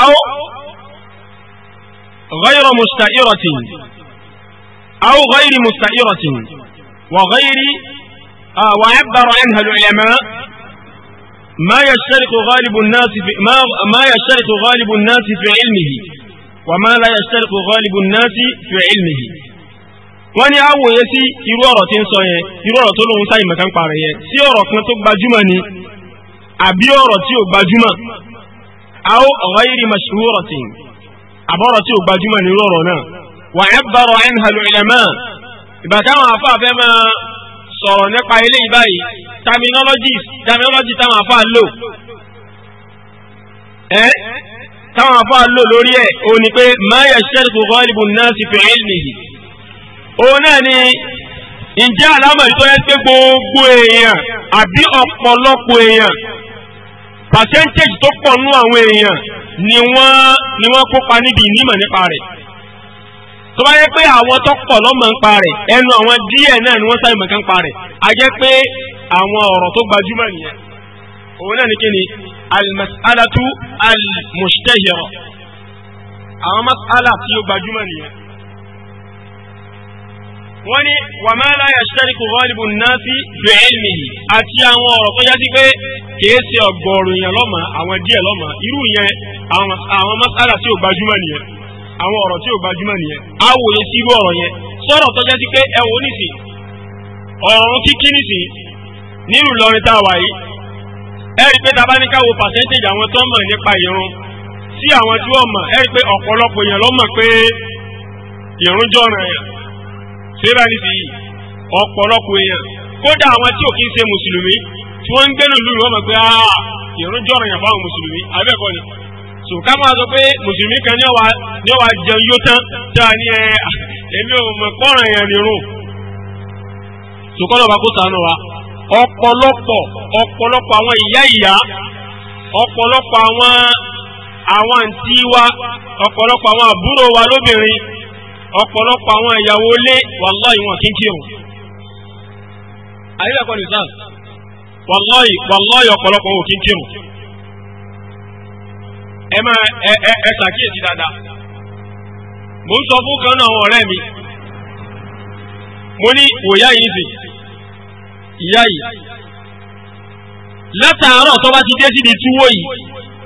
àwọn ghayra mushtahiratin أو غير مستعيرة وغير آه وعبر عنها العلماء ما يشترك غالب الناس في ما ما يشترك غالب الناس في علمه وما لا يشترك غالب الناس في علمه wọ́n ní àwò yẹ sí irú ọ̀rọ̀ tí ń sọ yẹn irú ọ̀rọ̀ tó lóun sáyìn mẹ́ta ń parẹ́ yẹn sí ọ̀rọ̀ kan tó gbajúmọ̀ ni àbí ọ̀rọ̀ tí ò gbajúmọ̀ àwọn ọ̀rọ̀ yìí rí màṣúwọ̀rọ̀ tì àbọ̀rọ̀ tí ò gbajúmọ̀ ni irú ọ̀rọ̀ náà وعبر عنها العلماء ìgbà táwọn àfáà fẹ́ máa sọ̀rọ̀ nípa ilé ìbáyìí terminologies terminology táwọn àfáà lò ẹ́ táwọn àfáà lò lórí ẹ̀ o ní pé ما يشترك غالب الناس في علمه òun náà ni ǹjẹ́ àlámọ̀rí tó yẹ pé gbogbo èèyàn àbí ọ̀pọ̀lọpọ̀ èèyàn percentage tó pọ̀ nú àwọn èèyàn ni wọ́n kópa níbi ìnímọ̀ nípa rẹ̀ tó bá yẹ pé àwọn tó pọ̀ lọ́mọ ń pa rẹ̀ ẹnu àwọn díẹ̀ náà ni wọ́n sáré mọ̀ká ń pa rẹ̀ a jẹ́ pé àwọn ọ̀rọ̀ tó gbajúmọ̀ nìyẹn òun náà ní kí ni almasalatu almustahira àwọn masala tí ó gbajúmọ̀ nìyẹn. wọ́n ní wà máa la yashtariku ghalibu nasi bi ilmihi àti àwọn ọ̀rọ̀ tó yájú pé kìí ṣe ọ̀gọ̀ọ̀rọ̀ yẹn lọ́mọ àwọn díẹ̀ lọ́mọ irú yẹn àwọn masala tí ó gbajúmọ̀ nìyẹn àwọn ọ̀rọ̀ tí ò gbajúmọ̀ nìyẹn á wòye sí irú ọ̀rọ̀ yẹn sọ̀rọ̀ tọ́já sí pé ẹ̀wọ̀n oníṣìí ọ̀rọ̀ kíkí nìṣìí nílùú lọrin tá a wà yìí ẹ rí i pé tá bá ní ká wo percentage àwọn tó mọ̀ nípa ìrun sí àwọn tí wọ́n mọ̀ ẹ rí i pé ọ̀pọ̀lọpọ̀ èèyàn ló mọ̀ pé ìrun jọ̀ràn yẹn ṣébà nísìnyí ọ̀pọ̀lọpọ̀ èèyàn kódà àwọn tí ò kí ń ṣe mùsùlùmí tí wọ́n ń gbé so ká máa sọ pé mùsùlùmí kan ní ọwà jẹun yóò tán tá a ní ẹ eh, ah, èmi ò mọ̀ kọ́ràn yẹn nírun so kọ́ lọ́ba kó sànù wa ọ̀pọ̀lọpọ̀ ọ̀pọ̀lọpọ̀ àwọn ìyá ìyá ọ̀pọ̀lọpọ̀ àwọn àwọn àǹtí wa ọ̀pọ̀lọpọ̀ àwọn àbúrò wa lóbìnrin ọ̀pọ̀lọpọ̀ àwọn ìyàwó ilé wàláì wọn kí n kí o àyíká kọ́ni sáà wàláì wàláì ọ̀pọ̀lọpọ̀ wọn kí n kí o ẹ máa ẹ ẹ ẹ ṣàkíyèsí dáadáa mo ń sọ fún kan náà àwọn ọ̀rẹ́ mi mo ní wòyá yìí sì ìyá yìí látàárọ̀ tó bá ti dé síbi túwó yìí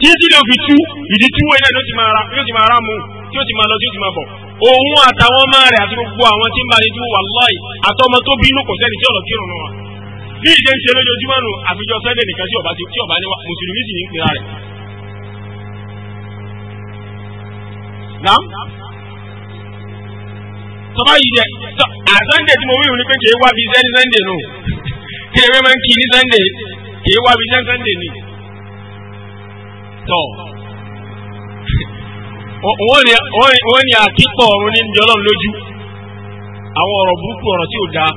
títí ló fi tú ìdí túwó yìí náà ló ti máa ra ló ti máa rà mú tí ó ti máa lọ tí ó ti máa bọ̀ òun àtàwọn ọmọ rẹ̀ àti gbogbo àwọn tí ń bá ní túwó wàláì àtọmọ tó bínú kò sẹ́ni tí ọ̀rọ̀ kírun náà bí ìdẹ́nse lójoojúmọ́ àfijọ́ sẹ́ni nìkan tí ọba ní wa mùsùlùmí sì ń pera rẹ̀ náà tọ́ba yìí dẹ tọ́ à sunday mo ni pé kì í wá sunday nù kí ewé máa ń kí sunday kì í wá bí iṣẹ́ ní sunday da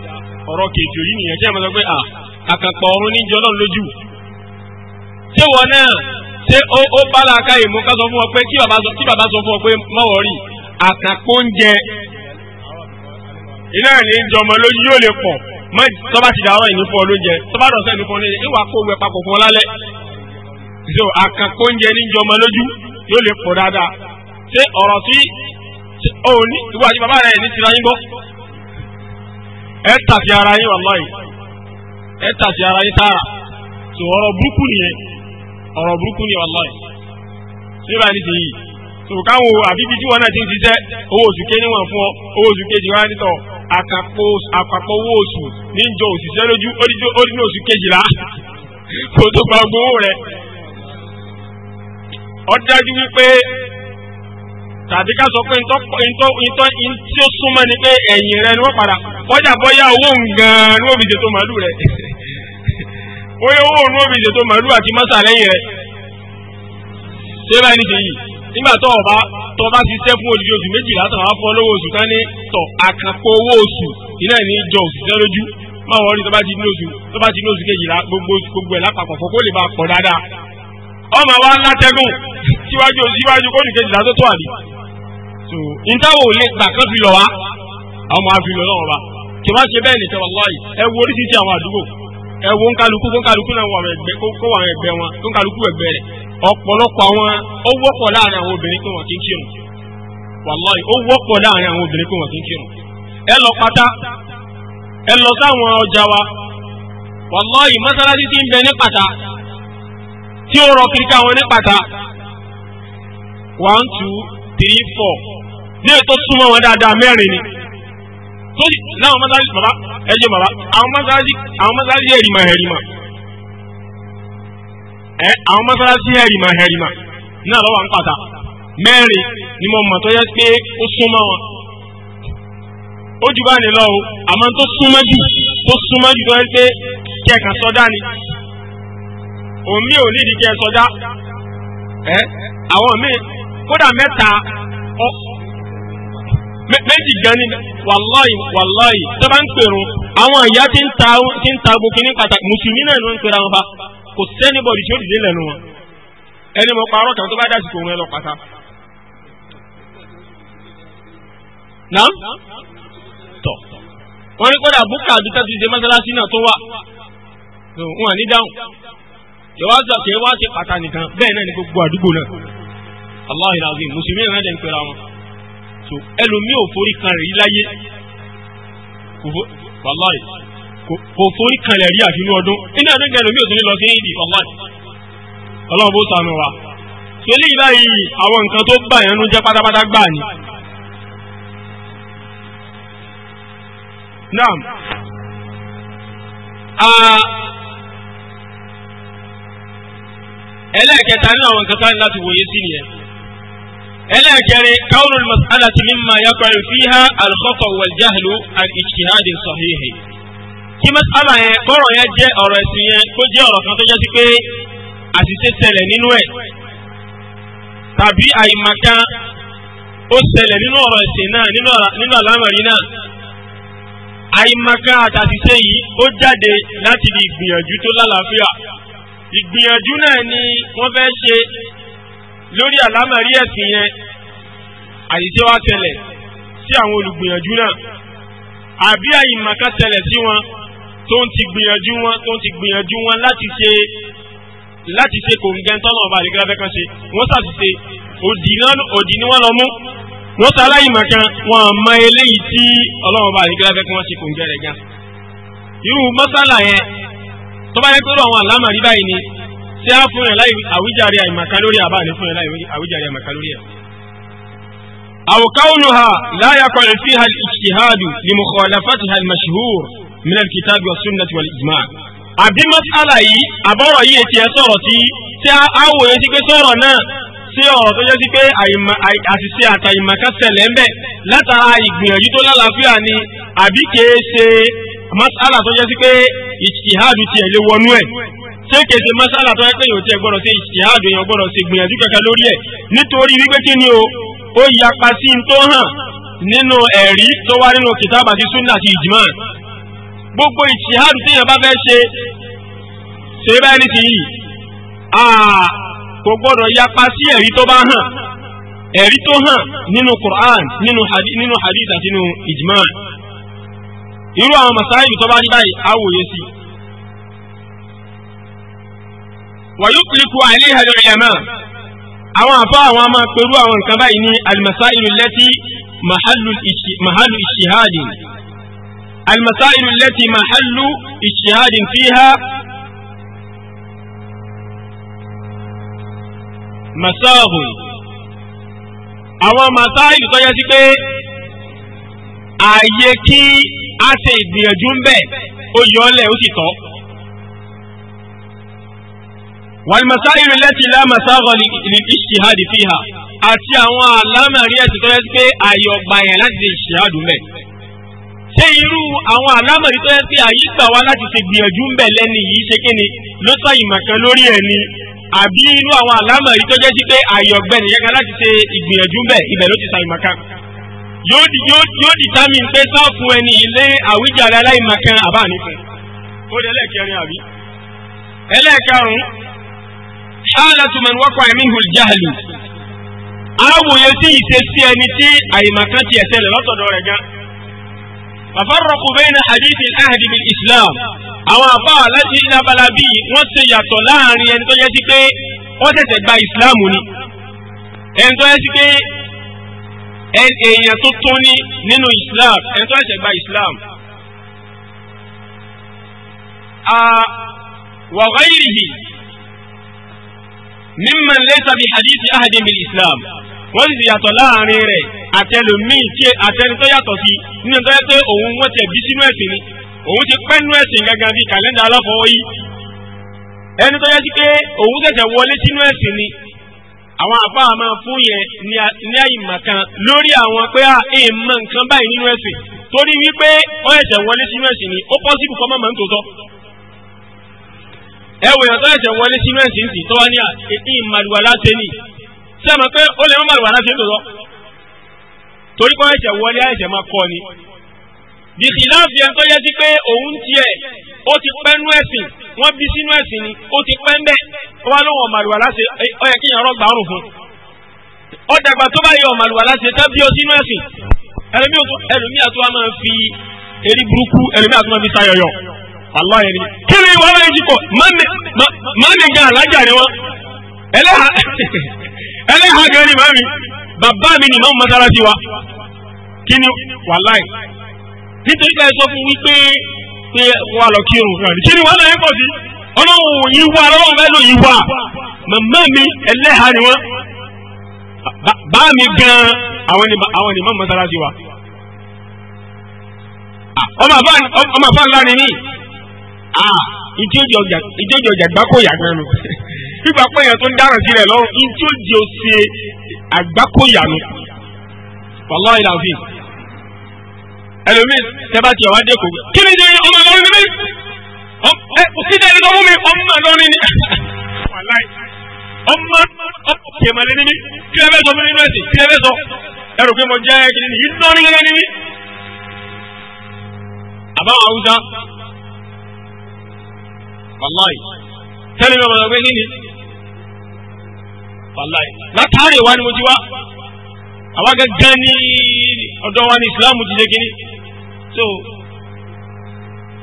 ọ̀rọ̀ kejì orí nìyẹn tí a máa sọ pé à àkàkọ̀ náà. ṣé ó ó bala ká ìmú ká sọ fún ọ pé kí bàbá sọ kí bàbá sọ fún ọ pé mọ́wọ́ rí àkàkó ń jẹ iná ní jọmọ lójú yóò lè pọ̀ mọ́ tọ́ba ti dàárọ̀ ìní fún ọ lóúnjẹ tọ́ba dọ̀sẹ̀ ìní fún ọ lóúnjẹ ìwà kó wẹ papọ̀ fún ọ lálẹ́ so àkàkó ń jẹ ní jọmọ lójú yóò lè pọ̀ dáadáa ṣé ọ̀rọ̀ sí òní ìwà àti bàbá rẹ̀ ní tìrayín gbọ́ ẹ tàfi ara yín wàláyé ẹ tàfi ara yín sára sọ̀rọ̀ burúkú nìyẹn ọ̀rọ̀ burúkú ni wallahi ṣé bá ní sèyí sòkáwò àbíbí tí wọn náà ti ń ṣiṣẹ́ owó oṣù ké níwọ̀n fún ọ owó oṣù kejì wá nítọ̀ àpapọ̀ owó oṣù ní ìjọ òṣìṣẹ́ lójú ó ní oṣù kejìlá kó tó gba ogun owó rẹ̀ ó dájú wípé tàbí ká sọ pé ntọ́ tí ó súnmọ́ ni pé ẹ̀yìn rẹ ni wọ́n padà bọ́jà bọ́yá owó ń gan-an ni wọ́n fi ṣètò màálù rẹ̀. bóyá owó òun òfin ṣètò màálù àti mọ́sà lẹ́yìn rẹ̀ ṣé báyìí nìṣe yìí nígbà tó ọba tó ọba ti ṣẹ́ fún odidi oṣù méjìlá tó wá fọ́ lówó oṣù ká ní tọ̀ àkàpọ̀ owó oṣù ilé ní jọ òṣìṣẹ́ lójú máa wọ́n rí tó bá ti ní oṣù tó bá ti ní oṣù kejìlá gbogbo gbogbo ẹ̀ lápapọ̀ fún kó lè bá pọ̀ dáadáa ọmọ wa látẹ́gùn síwájú síwájú kó nìkejìlá tó tó àbí. so ìtawọ̀ ò lè gbà kán fi lọ wá àwọn ọmọ àfi lọ náà wá kì má ṣe bẹ́ẹ̀ nìkan wọ́n wáyé ẹwọ nkálukú kónkálukú náà wà ẹgbẹ́ kó wà ẹgbẹ́ wọn kónkálukú ẹgbẹ́ rẹ̀ ọ̀pọ̀lọpọ̀ àwọn ó wọ́pọ̀ láàrin àwọn obìnrin tó wọn kì í kírun ó ẹ lọ pátá ẹ lọ sáwọn ọjà wa ti ń bẹ ní pàtà tí ó rọ kiri káwọn ní pàtà one two three four ní ètò súnmọ́ wọn dáadáa mẹ́rin ni tó láwọn bàbá ẹ baba! bàbá àwọn mọ́sálásí àwọn mọ́sálásí hẹ̀rìmà ẹ àwọn ni mo mọ̀ tó yẹ pé ó wọn ó jù bá ní àmọ́ tó súnmọ́ jù tó súnmọ́ jù tó yẹ pé kí ni ò nídìí kí ẹ ẹ àwọn kódà méjì gan ni wàláì wàláì tó bá ń pèrún àwọn ìyá tí ń ta tí ń ta gbòkè ní pàtàkì mùsùlùmí náà ni wọ́n ń pèrè àwọn bá kò sẹ́ni bọ̀dì tí ó dìde lẹ́nu wọn ẹni mo parọ́ kan tó bá dásìkò òun ẹ lọ pàtà. Nàá tọ̀ wọ́n ní kódà búkà àdúgbò ti ṣe mọ́sálásí náà tó wà wọn ní dáhùn ìwádìí àti ìwádìí pàtàkì nìkan bẹ́ẹ̀ náà ni gbogbo àdúgbò náà so ẹlòmíì ò forí kan rẹ̀ rí láyé wàláì kò forí kan rẹ̀ rí àfinú ọdún inú ọdún gẹ̀rọ mi ò tún lọ sí ìdí wàláì ọlọ́run bó sànù wa so eléyìí báyìí àwọn nǹkan tó bà yẹn nu jẹ́ pátápátá gbà ni. naam ẹlẹ́ẹ̀kẹta nínú àwọn nǹkan tá ní láti wòye sí nìyẹn ẹlẹ́ẹ̀kẹrin kaunul mas'alati mimma yaqa'u fiha al-khata' wal-jahlu an ijtihadin sahihin kí mas'ala yẹn kọ́rọ̀ yẹn jẹ́ ọ̀rọ̀ ẹ̀sìn yẹn kó jẹ́ ọ̀rọ̀ kan tó jẹ́ sí pé àṣìṣe ṣẹlẹ̀ nínú ẹ̀ tàbí àìmọ̀kan ó ṣẹlẹ̀ nínú ọ̀rọ̀ ẹ̀sìn náà nínú àlámọ̀rí náà àìmọ̀kan àtàṣìṣe yìí ó jáde láti di ìgbìyànjú tó lálàáfíà ìgbìyànjú náà ni wọ́n fẹ́ ṣe lórí àlámọ̀rí ẹ̀sìn yẹn àṣìṣe wá ṣẹlẹ̀ sí àwọn olùgbìyànjú náà àbí àyìnmọ̀ká ṣẹlẹ̀ sí wọn tó ń ti gbìyànjú wọn tó ń ti gbìyànjú wọn láti ṣe láti ṣe kò ń gẹ́ tọ́nà ọba àdìgbà fẹ́ kan ṣe wọ́n ṣàtúnṣe òdì ni wọ́n lọ mú wọ́n ṣe aláìmọ̀kan wọn mọ eléyìí tí ọlọ́run ọba àdìgbà fẹ́ kí wọ́n ṣe kò rẹ̀ gan. irú mọ́sálà yẹn tó bá yẹ pé àwọn àlámọ̀rí báyìí ni tí a fún yàn láì àwíjàre àìmàkà lórí àbá ní fún yàn láì àwíjàre àìmàkà lórí ẹ̀. أو كونها لا يقع فيها الاجتهاد لمخالفتها المشهور من الكتاب والسنة والإجماع àbí masala yìí àbọ̀rọ̀ yìí ti ẹ̀ sọ̀rọ̀ tí tí a wòye sí pé sọ̀rọ̀ náà sí ọ̀rọ̀ tó jẹ́ sí pé àṣìṣe àtàyìmọ̀kásẹ̀lẹ̀ ń bẹ̀ látara ìgbìyànjú tó lálàáfíà ni àbí kèé ṣe masala tó jẹ́ sí pé ìṣìhádù tiẹ̀ lè wọnú ẹ̀ ṣé kèsè masala tó yẹ pé yòó tiẹ̀ gbọ́dọ̀ ṣe ìṣèhádùn èèyàn gbọ́dọ̀ ṣe gbìyànjú kankan lórí ẹ̀ nítorí wípé kí ni o ó yapa sí n tó hàn nínú ẹ̀rí tó wá nínú kìtàbà àti súnà àti ìjìmọ̀ gbogbo ìṣèhádùn téèyàn bá fẹ́ ṣe ṣe báyìí nísìnyí kò gbọ́dọ̀ yapa sí ẹ̀rí tó bá hàn ẹ̀rí tó hàn nínú Qur'an nínú hadith nínú hadith àti nínú ìjìmọ̀ irú àwọn masáyìí tó bá rí báyìí á wòye sí i wọ́n yóò kílíkù àìlè ìhàjọ ìyàmá àwọn àfa àwọn máa pẹ̀lú àwọn nǹkan báyìí ní alimasailu lẹ́tí mahalu ìṣìhádì alimasailu lẹ́tí mahalu ìṣìhádì fíhá masáàbù àwọn masáàbù tó yẹ sí pé ààyè kí a ṣe ìgbìyànjú ń bẹ̀ ó yọ ó sì tọ́ wàlùmọ̀sáìlú lẹ́tì lámàsáàrọ̀ ní ìṣìhádì fíhà àti àwọn àlámàrí ẹ̀sìn tó yẹ pé ààyè ọgbà yẹn láti ṣe ìṣìhádù mẹ́. ṣé irú àwọn àlámàrí tó yẹ pé ààyè gbà wá láti ṣe gbìyànjú ń bẹ̀ lẹ́ni yìí ṣe kí ni ló sọ ìmọ̀kan lórí ẹ̀ ni àbí irú àwọn àlámàrí tó jẹ́ sí pé ààyè ọgbẹ́ nìyẹn kan láti ṣe ìgbìyànjú ń bẹ̀ ibẹ̀ ló ti sọ ìmọ̀kan yóò di yóò yóò di tami pé sọ́ọ̀fù ẹni ilé àwíjàre aláìmọ̀kan àbáànífẹ́ ó dé ẹlẹ́ẹ̀kẹrin halatu man waqa minhu al-jahlu awòye sí ìṣesí ẹni tí àyèmàkan ti ẹ̀sẹ̀ lẹ̀ lọ́tọ̀dọ̀ rẹ̀ gan. Fafarraqu bayna hadith al-ahdi bil islam àwọn àbá láti ilẹ̀ abala bíi wọ́n ṣe yàtọ̀ láàrin ẹni tó yẹ sí pé wọ́n tẹ̀sẹ̀ gba ìsìláàmù ni ẹni tó yẹ sí pé èèyàn tó tó ní nínú islam ẹni tó yẹ gba islam. wa ghayrihi mímọ̀ lẹ́sà bí hadith ahadi bil islam wọ́n sì yàtọ̀ láàrin rẹ̀ àtẹlùmíì tí àtẹni tó yàtọ̀ sí nínú tó yẹ pé òun wọ́n tẹ̀ bí sínú ẹ̀sìn ni òun ti pẹ́ nínú ẹ̀sìn gangan bíi kàlẹ́ndà aláfọwọ́ yìí ẹni tó yẹ sí pé òun ṣẹ̀ṣẹ̀ wọlé sínú ẹ̀sìn ni àwọn àpá àmọ́ fún yẹn ní kan lórí àwọn pé à ń mọ nǹkan báyìí nínú ẹ̀sìn torí wípé ẹwọ èèyàn tó ẹsẹ̀ wọlé sínú ẹ̀sìn sí tó wá ní ìmàlúwà láṣẹ ni ṣé ẹ mọ̀ pé ó lè má màlúwà láṣẹ lòlọ́ torí kọ́ ẹsẹ̀ wọlé ẹsẹ̀ máa kọ́ ni. bìkì láàfin ẹni tó yẹ sí pé òun tiẹ̀ ó ti pẹ́ nú ẹ̀sìn wọ́n bí sínú ẹ̀sìn ni ó ti pẹ́ mbẹ́ ó wá lóhùn ọ̀màlúwà láṣẹ ó yẹ kí yàrá gbàrún fún ó dàgbà tó bá yẹ ọ̀màlúwà láṣẹ tá bí ó sínú ẹ̀sìn ẹlòmíà tó wá máa fi erí burúkú ẹlòmíà tó máa fi sáyọyọ aláyẹ ni kí ni wọn lè jí kọ má ní gan alájà ni wọn ẹlẹ́hà ẹlẹ́hà gan ni màmí bàbá mi ni màmú mọ́sálásí wa kí ni wàláì nítorí ká ẹ sọ fún wípé pé wà lọ kírun fún mi kí ni wọn lè kọ sí ọlọ́run yìí wá ọlọ́run bẹ́ẹ̀ lò yìí wá màmá mi ẹlẹ́hà ni wọn bá mi gan àwọn ni màmú mọ́sálásí wa ah, ọmọ àbá ńlá ni mí ah ìjọ́jọ́ ọjà gbáko yà gan-an nígbà pé èèyàn tó ń dáràn sílẹ̀ lọ́rùn ìjọ́jọ́ ṣe àgbáko yà nù wàlá ìlàfíì ẹlòmíì tẹ́bá tiẹ̀ wá dé kò kí ni jẹ́ ọmọ ọlọ́run níbí ẹ òsínà ẹni tó mú mi ọmọ ọlọ́run ní ọmọ kèmàlẹ́ níbí kí lẹ́fẹ́ sọ fún mi lọ́sìn kí lẹ́fẹ́ sọ ẹrù pé mo jẹ́ kí ni yìí nọ́ọ̀rìn gẹ́gẹ́ níbí àbáwọn haúsá wàláì tẹ́lẹ̀ mi ọmọ ọgbẹ́ kí ni wàláì látàárẹ̀ wa ni mo ti wá àwa gẹ́gẹ́ ní ọ̀dọ̀ wa ní ìsìláàmù ti ṣe kí ni so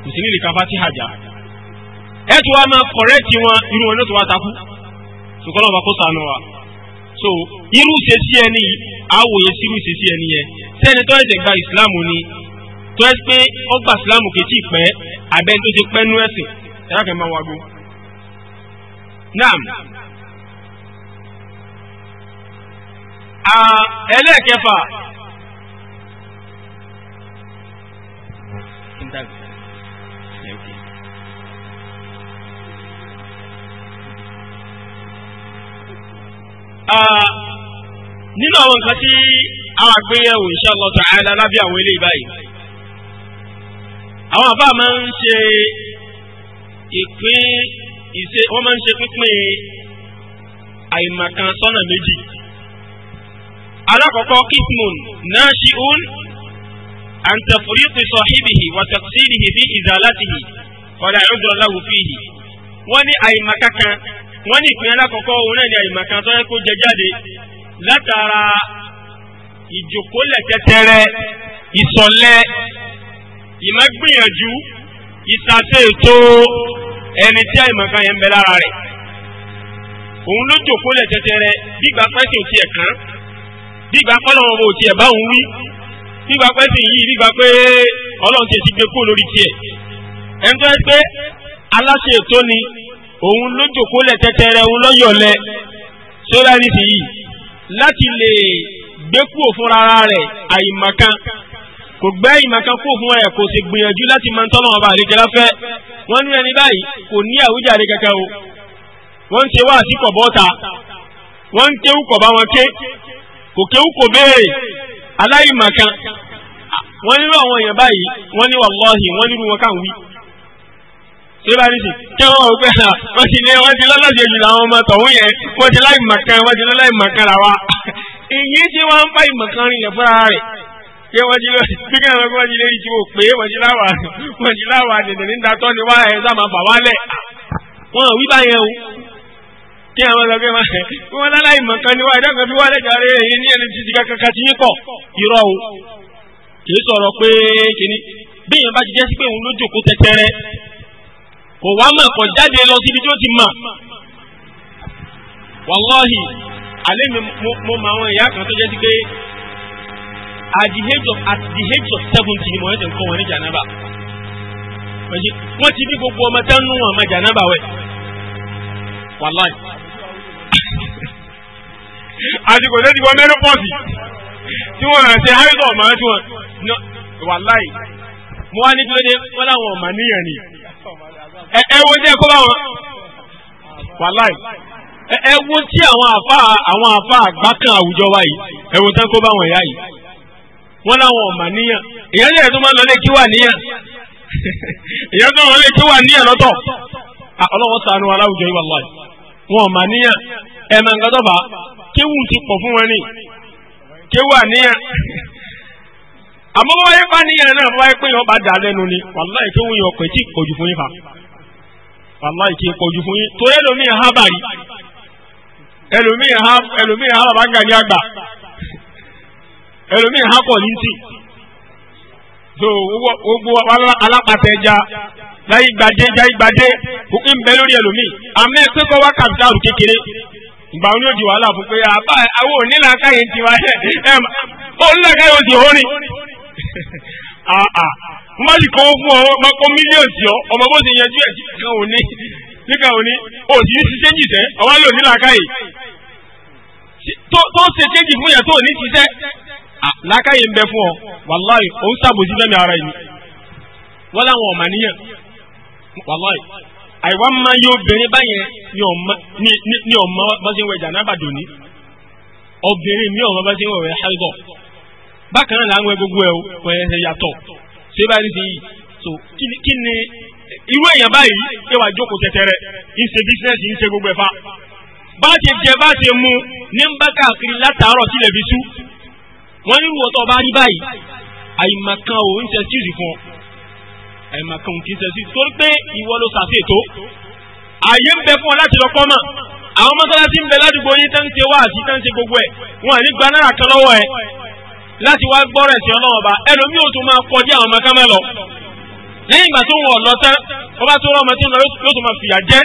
kò sí nílì káfá tí hàjà ẹ tí wàá máa kọ̀rẹ́ẹ̀tì wọn irú wọn náà tó wá takú sùkọ́nà ọba kó sànù wa so irú ìṣesí ẹni yìí àwòye sí irú ìṣesí ẹni sẹ́ni tó ẹ̀sẹ̀ gba ìsìláàmù ni tó ẹ pé ọgbà ìsìláàmù kìí tí ì pẹ́ abẹ́ni tó ti pẹ́ nú ẹ̀sìn ẹ̀rọ kẹ́ máa wágbó. naam ẹlẹ́ẹ̀kẹfà nínú àwọn nǹkan tí àwọn àgbéyẹ̀wò insha Allah ta'ala lábẹ́ àwọn eléyìí báyìí àwọn àbá máa ń ṣe ìpín ìṣe wọ́n máa ń ṣe pínpín àìmọ̀kan sọ́nà méjì alákọ̀ọ́kọ́ kismun nashi'un an tafriqi sahibihi wa taqsirihi fi izalatihi wala udra lahu fihi wọ́n ní àìmọ̀kan kan wọ́n ní ìpín alákọ̀ọ́kọ́ òun náà ní àìmọ̀kan tó kó jẹ jáde látara ìjòkólẹ̀ tẹ́tẹ́rẹ́ ìsọ̀lẹ̀ ìmọ̀gbìyànjú ìsàtẹ̀ ètò ẹni tí àìmọ̀kan yẹn ń bẹ lára rẹ̀ òun ló jòkó lẹ̀ tẹ́tẹ́rẹ́ gbígba pẹ́sìn òtí ẹ̀ kàn gbígba kọ́lọ̀ wọn bò tí ẹ̀ bá òun wí gbígba pẹ́sìn yìí gbígba pé ọlọ́run ti ti gbé kó lórí tiẹ̀ ẹni tó ẹ pé aláṣẹ ètò ni òun ló jòkó lẹ̀ tẹ́tẹ́rẹ́ òun ló yọ̀lẹ̀ sórí ẹni sì yìí láti lè gbé kúrò fúnra rẹ̀ àìmọ̀kan kò gbẹ́ àìmọ̀kan kúrò fúnra rẹ̀ kò sì gbìyànjú láti máa ń tọ́lọ́wọ́n bá àríkẹ́lá fẹ́ wọ́n ní ẹni báyìí kò ní àwùjáde kankan o wọ́n ń ṣe wá sí kọ̀bọ́ta wọ́n ń kéwú kọ̀ bá wọn ké kò kéwú kò béèrè aláìmọ̀kan wọ́n nínú àwọn èèyàn báyìí wọ́n ní wàlọ́ọ̀hì wọ́n nínú wọn káwọn wí. ṣé bá ní sè kí wọ́n wọ́n pẹ́ sà wọ́n ti lé wọ́n ti lọ́lọ́sẹ̀ jù làwọn ọmọ tọ̀hún yẹn wọ́n ti láìmọ̀kan wọ́n ti lọ́láìmọ̀kan pé wọ́n jí lórí bí kí ẹ̀rọ wọ́n jí lórí tí o wọ́n jí láwà wọ́n jí láwà dẹ̀dẹ̀ níta tọ́ ni wá ẹ̀ sáà máa bà wálẹ̀ wọn wí báyẹn o kí àwọn ọlọ́gbẹ́ máa ṣe bí wọ́n láláì mọ̀ kan ní wá ẹ̀dá fi wálẹ̀ jàre ní ẹni títí kankan ti irọ́ o sọ̀rọ̀ pé kìíní bí bá ti jẹ́ sí pé òun ló jòkó tẹ́tẹ́rẹ́ at the age of at the age of seventy ni mo yẹn ti wọn gbogbo ọmọ tẹ́ ń wọn ọmọ jànábà wẹ̀ wàláì ti wọ mẹ́rọ́pọ̀sì tí wọ́n rẹ̀ ṣe mo wá ní kí ló dé wọ́n níyàn ni ẹ wo tí ẹ kó bá wọn wàláì ẹ wo tí àwọn àwọn wa yìí ẹ wo tí wọ́n láwọn ọ̀mà níyàn èyàn ní ẹ̀tọ́ máa ń lọlé kí wà níyàn èyàn tó kí wà níyàn aláwùjọ ìwà wọn ọ̀mà níyàn ẹ̀mà nǹkan tó bá kéwù ti pọ fún wọn ni kéwù àníyàn àmọ́ wáyé pa níyàn náà wáyé pé ni wàláì kéwù yẹn ọkọ̀ tí fún yín fa kí fún yín torí ha ha bàbá ẹlòmíì hákọ̀ ní tì so gbogbo alápàtẹ ẹja jáì gbadé jáì gbadé òkè ń bẹ lórí ẹlòmíì àmì pẹ́kọ̀ wá kàpítàlù kékeré ìgbà wọn yóò di wàhálà fún pé àbá àwọn onílà káyé ti wá ẹ ẹ onílà káyé o ti hó ni mọ́lì kan fún ọ mọ́kọ́ mílíọ̀nù sí ọ ọmọ bó ti yanjú ẹ̀ kan ò ní nígbà ò ní o sì ní ṣiṣẹ́ jìṣẹ́ ọwọ́ lò nílà káyé tó ṣe kéjì fún yẹn tó ní ṣiṣẹ́ Ah, làákàyè ń bẹ fún ọ wàláì òun ṣàbòsí ara yìí wọ́n láwọn ọ̀mà níyàn wàláì àìwá máa yí obìnrin báyẹn ní ọmọ bá ṣe ń wẹ̀ jàǹdà bàdùn ní obìnrin ní ọmọ bá wẹ̀ ṣáìgọ̀ bákan náà làwọn so kí ni irú èèyàn báyìí ṣé wàá jókòó tẹ̀tẹ̀rẹ̀ ń bísíǹsì gbogbo fa bá ṣe jẹ bá mu ní ń bá káàkiri látàárọ̀ fi sú wọ́n ní ìrùwọ́ tó bá rí báyìí àìmọ̀kan ò ń ṣẹ́sìrì fún ọ àìmọ̀kan ò kì í ṣẹ́sìrì torí pé ìwọ ló ṣàṣètò ààyè ń bẹ fún ọ láti lọ kọ́mọ̀ àwọn mọ́sálásí ń bẹ ládùúgbò yín tán ń ṣe wá àti tán ń ṣe gbogbo ẹ̀ wọn ní gba náírà kan lọ́wọ́ ẹ láti wá gbọ́rọ̀ ẹ̀sìn ọlọ́wọ́ ọba ẹlòmíì ò tún máa kọjá àwọn ọmọ kámẹ́ lọ lẹ́yìn ìgbà tó ń wọ̀ lọ tán ọba tó rọ ọmọ tí ń lọ yóò tún máa fìyà jẹ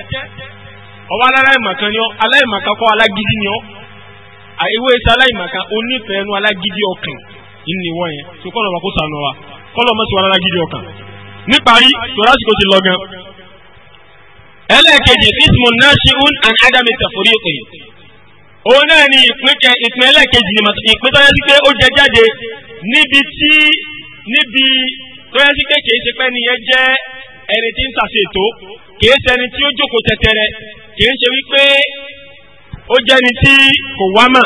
ọba aláìmọ̀kan ni ọ aláìmọ̀kan kọ́ alágídí ni ọ àìwé sáláìmàkà onífẹ̀ẹ́nu alágídí ọkàn ìní wọ́n yẹn tó kọ́ lọ́mọ kó sànù wa kọ́ lọ́mọ sí wa alágídí ọkàn. níparí tó lásìkò ti lọ gan. ẹlẹ́ẹ̀kejì ismu nashi'un an adami tafuriqi. òun náà ni ìpín ẹlẹ́ẹ̀kejì ni ìpín tó yẹ sí pé ó jẹ jáde níbi tí níbi tó yẹ sí pé kìí ṣe pé nìyẹn jẹ́ ẹni tí ń ṣàṣètò kìí ṣe ẹni tí ó jókòó tẹ̀tẹ̀rẹ̀ ó jẹ́ ni tí kò wá mà.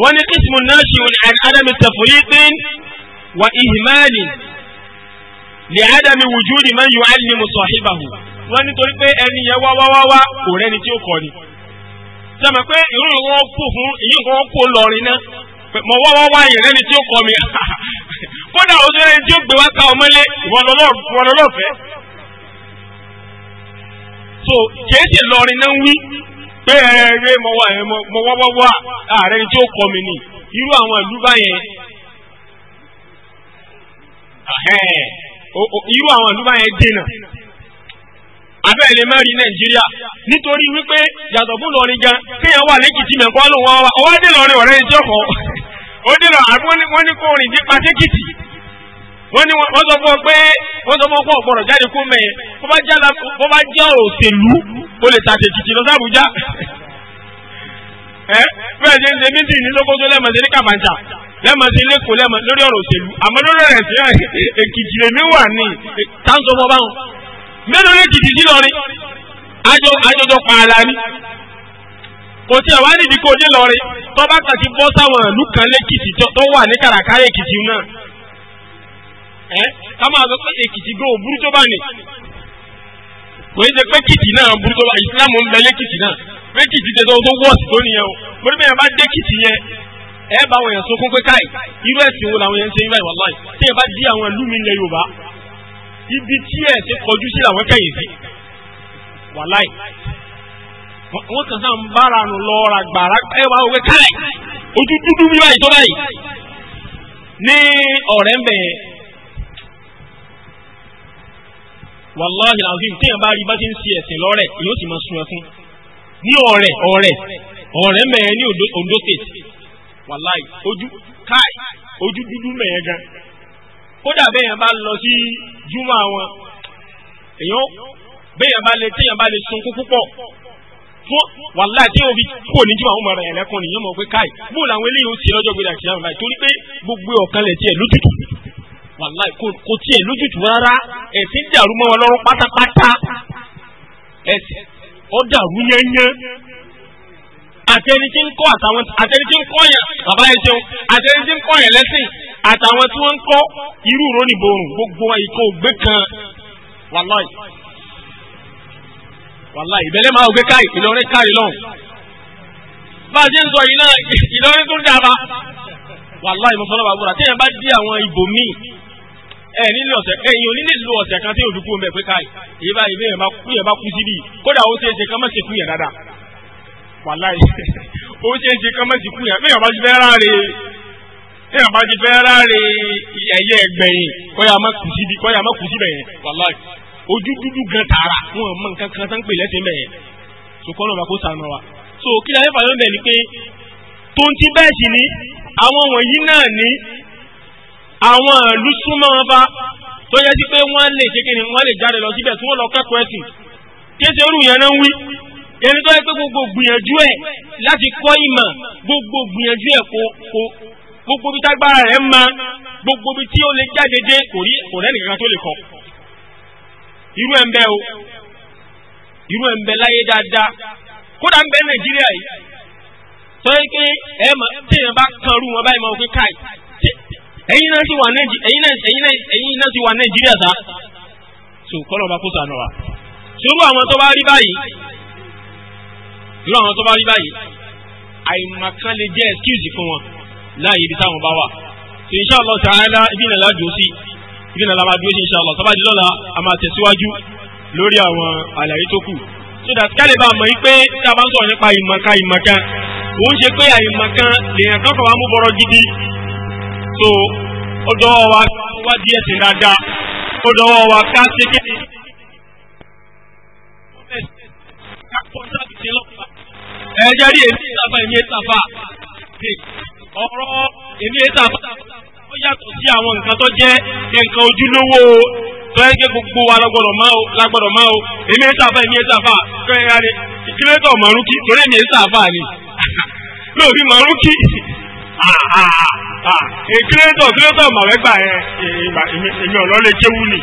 wọ́n ní ismu nashi'un 'an adami tafritin wa ihmalin li adami wujudi man yu'allimu sahibahu wọ́n nítorí pé ẹni yẹn wá wá wá wá kò rẹ́ni tí ó kọ́ ni. sọ́mọ pé irú ìwọ̀n kù fún èyí kan kó lọ́rin náà mọ̀ wá wá wá yẹn rẹ́ni tí ó kọ́ mi kódà ó tí ó gbé wá ká ọmọlé ìwọ̀n lọ́lọ́fẹ́. so kèésì lọrin na ń pe pé ẹ̀rẹ́ mọ wá ẹ̀ tí ó kọ́ mi ni irú àwọn ìlú báyẹn irú àwọn ìlú báyẹn dènà abẹ́ẹ̀ lè nàìjíríà nítorí wípé yàtọ̀ fún gan wà lẹ́kìtì mẹ́kọ́ ló wá dé ọ̀rẹ́ lọ ní kó wọ́n ní wọ́n sọ fún ọ pé wọ́n sọ fún ọ pé ọ̀gbọ̀rọ̀ jáde kó mẹ́yìn bó bá jẹ́ bó bá jẹ́ òṣèlú o lè tàṣe tìtì lọ sábùjá ẹ bẹ́ẹ̀ ṣe ń ṣe mítì ní Sókótó lẹ́mọ̀ọ́sí ní Kàfàǹṣà lẹ́mọ̀ọ́sí lẹ́kọ̀ọ́ lẹ́mọ̀ lórí ọ̀rọ̀ òṣèlú àmọ́ lórí rẹ̀ sí Èkìtì lèmi wà ní táǹsọ̀ mẹ́rin ni kò tí àwọn àníbi kò dé lọ rí tọ́ bá kà ti bọ́ sáwọn ẹ́ eh, ká máa sọ pé èkìtì gbé òbúrú tó bá ní kò ní ṣe pé kìtì náà burú tó bá ìsìlámù ń bẹ lẹ́kìtì náà pé kìtì ṣe tó wọ́ọ̀sì tó nìyẹn o torí bẹ́ẹ̀ bá dé kìtì yẹn ẹ bá àwọn èèyàn sunkún pé káì irú ẹ̀sìn wo làwọn èèyàn ṣe ń báyìí wàláì tí ẹ bá dí àwọn ìlú mi ilẹ̀ Yorùbá ibi tí ẹ̀ ti kọjú sí làwọn kẹ̀yìn sí wàláì wọ́n kàn sáà ń bára nù lọ́ra gbàrà ẹ wá wọ́n pé káì ojú dúdú bí báyìí tó báyìí ní ọ̀rẹ́ ń wàláhì làzim téèyàn bá rí bá ti ń ṣe ẹ̀sìn lọ́rẹ̀ yóò sì máa sun ẹ fún ní ọ̀rẹ́ ọ̀rẹ́ ọ̀rẹ́ mẹ́ẹ̀ ní Ondo state wàláhì ojú káì ojú dúdú mẹ́ẹ̀ gan kódà bẹ́ẹ̀yàn bá lọ sí júmọ̀ àwọn èèyàn bẹ́ẹ̀yàn bá lè téèyàn bá lè sunkún púpọ̀ fún wàláhì tí yóò fi kó ní júmọ̀ àwọn ọmọ ẹ̀lẹ́kùn nìyẹn mọ̀ pé káì bóun làwọn eléyìí ó ṣe lọ́jọ́ gbé wàláì kò tiẹ̀ lójútu rárá ẹ̀sìn dàrú mọ́ wọn lọ́rùn pátápátá ẹ̀sìn ó dàrú yányán àtẹni tí ń kọ́ àtàwọn àtẹni tí ń kọ́ yẹn bàbá yẹn jẹun àtẹni tí ń kọ́ yẹn lẹ́sìn àtàwọn tí wọ́n ń kọ́ irú ìrònìbòrùn gbogbo ikọ̀ ògbé kan wàláì wàláì ìbẹ̀lẹ̀ máa ògbé káyì Ìlọrin káyì lọ́hùn bá a ṣe ń sọ yìí náà Ìlọrin tó dára wàláì mo fọlọ́ ẹ nílò ọ̀sẹ̀ ẹ̀yìn onílé lo ọ̀sẹ̀ kan tí olùkú mẹ́ pé káì èyí bá ìbéèrè bá kú yẹn bá kú síbí kódà ó ṣe é ṣe kán mọ̀sí kú yẹn dáadáa wàláì ó ṣe é ṣe kán mọ̀sí kú yẹn bẹ́ẹ̀ bá ti fẹ́ ráre bẹ́ẹ̀ bá ti fẹ́ ráre ẹ̀yẹ ẹgbẹ̀yìn kọ́yà má kú síbí síbẹ̀ yẹn wàláì ojú dúdú gan tààrà wọn mọ nǹkan kan wa so kí tó ń ti àwọn ìlú súnmọ́ wọn bá tó yẹ sí pé wọ́n lè ṣe kí ni wọ́n lè jáde lọ síbẹ̀ tí wọ́n lọ kẹ́kọ̀ọ́ ẹ̀sìn kéṣe orú yẹn náà ń wí ẹni tó yẹ pé gbogbo gbìyànjú ẹ̀ láti kọ́ ìmọ̀ gbogbo gbìyànjú ẹ̀ kò gbogbo bí tágbára rẹ̀ ma gbogbo bí tí ó lè jáde dé kò rí kò rẹ́ nìkan tó lè kọ́ irú ẹ̀ ń bẹ o irú ẹ̀ ń bẹ láyé dáadáa kódà ń bẹ Nàìjíríà yìí tọ́ yẹ pé ẹ̀ mọ̀ tí ẹ̀yin náà sì wà nàìjíríà sá so kọ́nà ọba kó sànù wa sórí àwọn tó bá rí báyìí irú àwọn tó bá rí báyìí àìmọ̀kan lè jẹ́ excuse fún wọn láàyè ibi táwọn bá wà so inshallah ta'ala ibi nàlá dùn sí ibi nàlá máa dùn sí inshallah tó bá di lọ́la a máa tẹ̀síwájú lórí àwọn àlàyé tó kù so that kálí bá mọ̀ wípé tí a bá ń sọ̀rọ̀ nípa ìmọ̀kan ìmọ̀kan òun ṣe pé àìmọ̀kan lèèyàn kan fọwọ́ mú bọ́rọ̀ gidi so ó dọwọ́ wa wá díẹ̀ sí dáadáa ó dọwọ́ wa ká ṣe kéde. ẹ jẹ́ rí èmi ìtàfà èmi ìtàfà ọ̀rọ̀ èmi ìtàfà ó yàtọ̀ sí àwọn nǹkan tó jẹ́ nǹkan ojúlówó tó yẹ kí gbogbo wa lágbọ́dọ̀ máa o lágbọ́dọ̀ máa o èmi ìtàfà èmi ìtàfà tó yẹ ká ní ìdílé tó torí èmi ìtàfà ni lóòbí mọ̀rún kí kílẹ̀tọ̀ kílẹ̀tọ̀ màwẹ́gbà yẹn èmi ọ̀lọ́lẹ̀ kéwú ni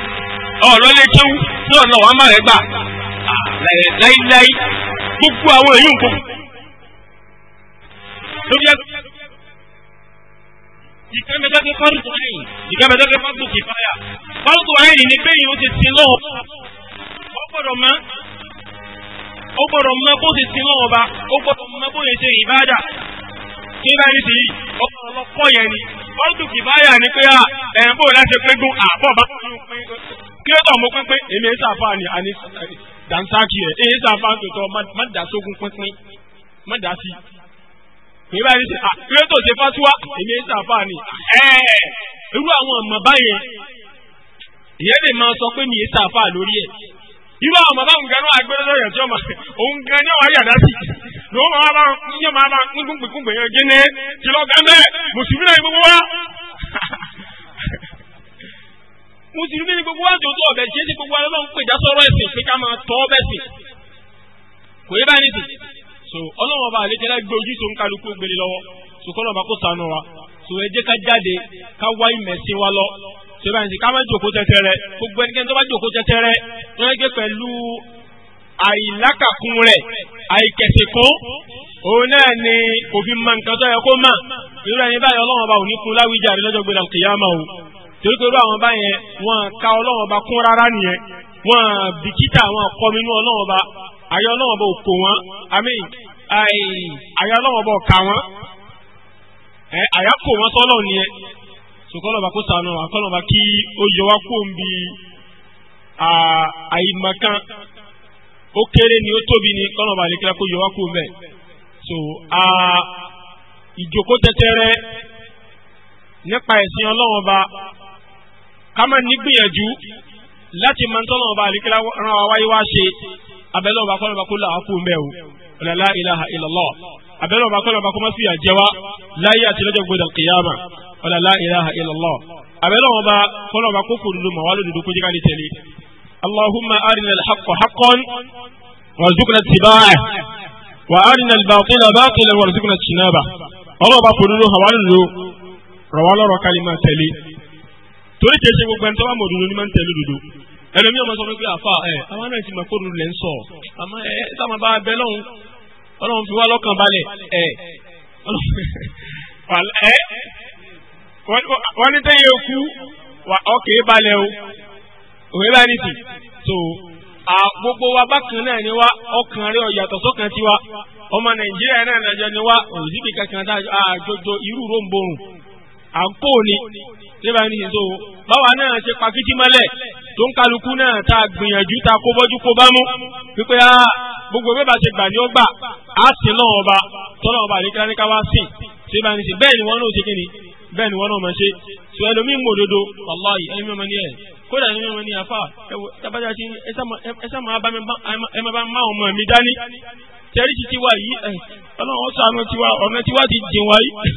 ọ̀lọ́lẹ̀ kéwú tí ọ̀nà wà màwẹ́gbà láíláí gbogbo àwọn èyí nǹkan. ìkẹ́mẹ́dẹ́gbẹ́ fárúkú ẹ̀yìn ìkẹ́mẹ́dẹ́gbẹ́ fárúkú kìfáyà fárúkú ẹ̀yìn ni pé yìí ó ti sin lọ́wọ́ ó gbọ́dọ̀ mọ́ ó gbọ́dọ̀ mọ́ bó ti sin lọ́wọ́ bá ó gbọ́dọ̀ mọ́ bó yẹn ṣe ìbádà kí bá ní tìyí ọkọ̀ ọlọ́kọ̀ yẹn ni wọ́n tún kì báyà ní pé ẹ̀ ń bò láti pégún àbọ̀ bá kí ló tọ̀ mọ́ pínpín èmi ń sàfà ni àní dànsákì ẹ̀ èyí sàfà ń tòótọ́ má dà sógun pínpín má dà sí. kì bá ní sẹ́ à kí ló tọ̀ ṣe fásúwá èmi ń sàfà ni ẹ̀ irú àwọn ọmọ báyẹn ìyẹn lè máa sọ pé mi ń sàfà lórí ẹ̀ irú àwọn bàbá nǹkan náà agbẹ́rẹ́ lọ́yọ̀ tí ọmọ òun gan ní wàá yàrá sí ló máa bá yíyan máa bá ń gbùngbùn gbùngbùn yẹn jẹ́ ní ti lọ́ọ́ gan bẹ́ẹ̀ mùsùlùmí náà gbogbo wa mùsùlùmí ni gbogbo wa tó tó ọ̀bẹ ṣe é sí gbogbo wa lọ́wọ́ ń pè dásọ́rọ́ ẹ̀sìn pé ká máa tọ́ ọbẹ̀ sìn kò yé báyìí nìsín so ọlọ́run ọba àlejò lágbé ojú tó ń kálukú gbélé lọ́wọ́ so kọ́lọ́ ọba kó sànù wa so ẹ jẹ́ ká jáde ká wá ìmẹ̀sìn wa lọ ṣé báyìí ká má jòkó tẹ́tẹ́rẹ́ gbogbo ẹnikẹ́ni tó bá jòkó tẹ́tẹ́rẹ́ tó yẹ kí pẹ̀lú àìlákàkún rẹ̀ àìkẹsẹ̀kún òun náà ni kò fi mọ nǹkan tó yẹ kó mọ̀ irú ẹni báyìí ọlọ́run ọba ò ní kun láwùjáde lọ́jọ́ gbé làkìyàmà o torí pé irú àwọn báyẹn wọn ka ọlọ́run ọba kún rárá nìyẹn wọn bìkítà wọn kọminú ọlọ́run ọba ayé ọlọ́run ọba ò wọn àmì ayé ọlọ́run ọba ò wọn àyà kò wọn sọ́lọ́ nìyẹn sọkọlọ bá kó sànù àkọlọ bá kí ó yọ wá kó ń kéré ni ó tóbi ni kọlọ bá lè kó yọ wá kó bẹ so ìjókòó tẹtẹrẹ nípa ẹ̀sìn ọlọ́wọ́n kama ká má nígbìyànjú láti máa ń tọ́lọ́wọ́n ba àlekèrè ràn wá wáyé wá ṣe abẹ́lẹ́ ọba kó làwọn kó ń o la ilaha illallah abẹ́rẹ́ ọba kọ́lọ́ ọba kọ́mọ́sí àjẹwá láyé àti lọ́jọ́ gbọdọ̀ kìyàmà ọ̀là la ilaha illallah abẹ́rẹ́ ọba kọ́lọ́ ọba kókò dúdú mọ̀ wá lódodo kó jíkà ní tẹ̀lé allahumma arina alhaqqa haqqan warzuqna tibaa wa arina albatila batila warzuqna tinaba ọlọ́ọ̀ba kò dúdú hàn wá lódodo rọ̀wá lọ́rọ̀ kálímà tẹ̀lé torí kìí gbogbo ẹni tó bá mọ̀ òdodo ni máa tẹ̀lé òdodo ẹlòmíràn máa sọ fún mi pé àfa ẹ àwọn náà ti mọ̀ kó òdodo lẹ́ ń sọ ẹ sábà bá abẹ́ lọ́hùn ọlọ́run fi wá lọ́kàn balẹ̀ ẹ̀ wọ́n ní tẹ́yẹ kú ọkẹ́ balẹ̀ o òwe bá ní sí so gbogbo wa náà ni wa ọkàn rẹ ọ̀yàtọ̀ sọ́kàn tiwa ọmọ nàìjíríà náà ni wa kankan a irú à ní tó ń kálukú náà tá a gbìyànjú ta kó bọ́jú kó bá mú wípé a ah, gbogbo bébà ti gbà ní ó gbà á sì lọ́wọ́ ọba tọ́lọ́ ọba àdékẹ́lá ní ká wá ṣé bá ní sìn bẹ́ẹ̀ ni wọ́n náà ṣe kí ni bẹ́ẹ̀ ni wọ́n náà máa ṣe sọ ẹlòmíì mọ̀ òdodo wàláyé ẹni mímọ ní ẹ̀ kódà ẹni mímọ ní àfà tabajà sí ẹsà máa bá ẹ máa bá má ọmọ mi dání tẹ́rí ti tiwa yìí ẹ̀ ọlọ́run sànù tiwa ọ̀nà tiwa ti jìn wáyé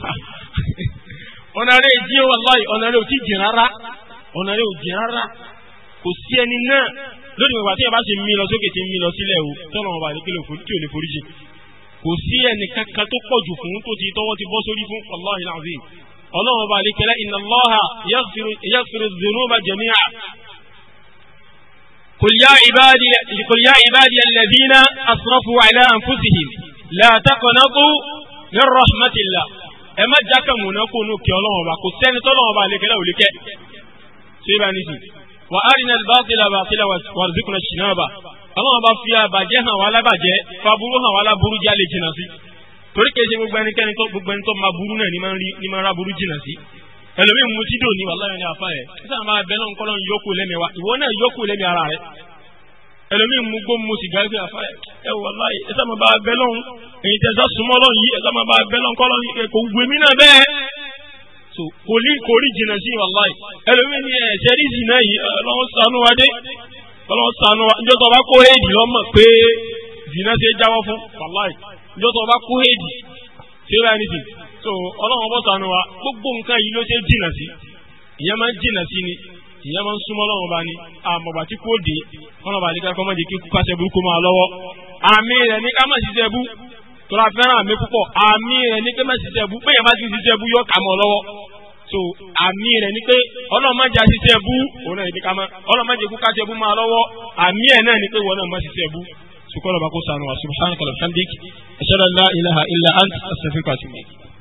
ọ̀nà rẹ̀ jí wàláyé ọ̀nà rẹ̀ ò ti jìn rárá ọ̀nà rẹ̀ ò jìn rárá kò sí ẹni náà lónìí bàbá tí yẹn bá ṣe mí lọ sókè tí ń mí lọ sílẹ̀ o tọ́nà ọba àdékélé fún tí ò lè foríjì kò sí ẹni kankan tó pọ̀ jù fún tó ti tọ́wọ́ ti bọ́ sórí fún wàláhi nàzí ọlọ́run ọba àdékélé inna Allaha yaghfiru dhunuba jami'a qul ya ibadi alladhina asrafu ala anfusihim la taqnatu min rahmatillah ẹ má jákàmù náà kó nù kí ọlọ́run ọba kò sẹ́ni tọ́lọ́run ọba àdékélé òlékẹ́ ṣé bá ní wà arina al-batila batila warzuqna ìṣìnàbà ọlọ́run bá fi àbàjẹ́ hàn wá lábàjẹ́ faburú hàn wá láburú jálè jìnnà sí torí kejì gbogbo ẹnikẹ́ni tó gbogbo ẹni tó máa burú náà ni máa ń ra burú jìnnà sí ẹlòmíì mú tí dòní wà láyọ̀ ní sísè àwọn náà yókù wa ìwọ náà yókù ara ẹlòmíì mú gbó sìgá ẹ láyé àwọn náà súnmọ́ so kò ní kò rí jìnnà sí wàláì ẹlòmíì ni ẹ ṣe rí jìnnà yìí eh, ọlọ́run ṣàánú wa dé ọlọ́run ṣàánú wa níjọ́ bá kó éèdì lọ́mọ pé jìnnà ṣe jáwọ́ fún wàláì níjọ́ tó bá kó éèdì so bọ́ gbogbo nǹkan yìí ló ṣe jìnnà sí ìyẹn máa ń jìnnà sí ni ìyẹn máa ń súnmọ́ bá ní tí kò dé tọ́lá fẹ́ràn àmì púpọ̀ àmì rẹ̀ ní pé má ṣiṣẹ́ bú bẹ́ẹ̀ bá ti ṣiṣẹ́ bú yọ kà mọ́ lọ́wọ́ so àmì rẹ̀ ní pé ọlọ́mọdé ṣiṣẹ́ bú òun náà ní ká mọ́ ọlọ́mọdé kú káṣẹ́ bú máa lọ́wọ́ àmì ẹ̀ náà ní pé wọn náà má ṣiṣẹ́ bú sukọ́lọ́ bá kó sànù wa subhanaka wa bihamdik ashhadu an la ilaha illa ant astaghfiruka wa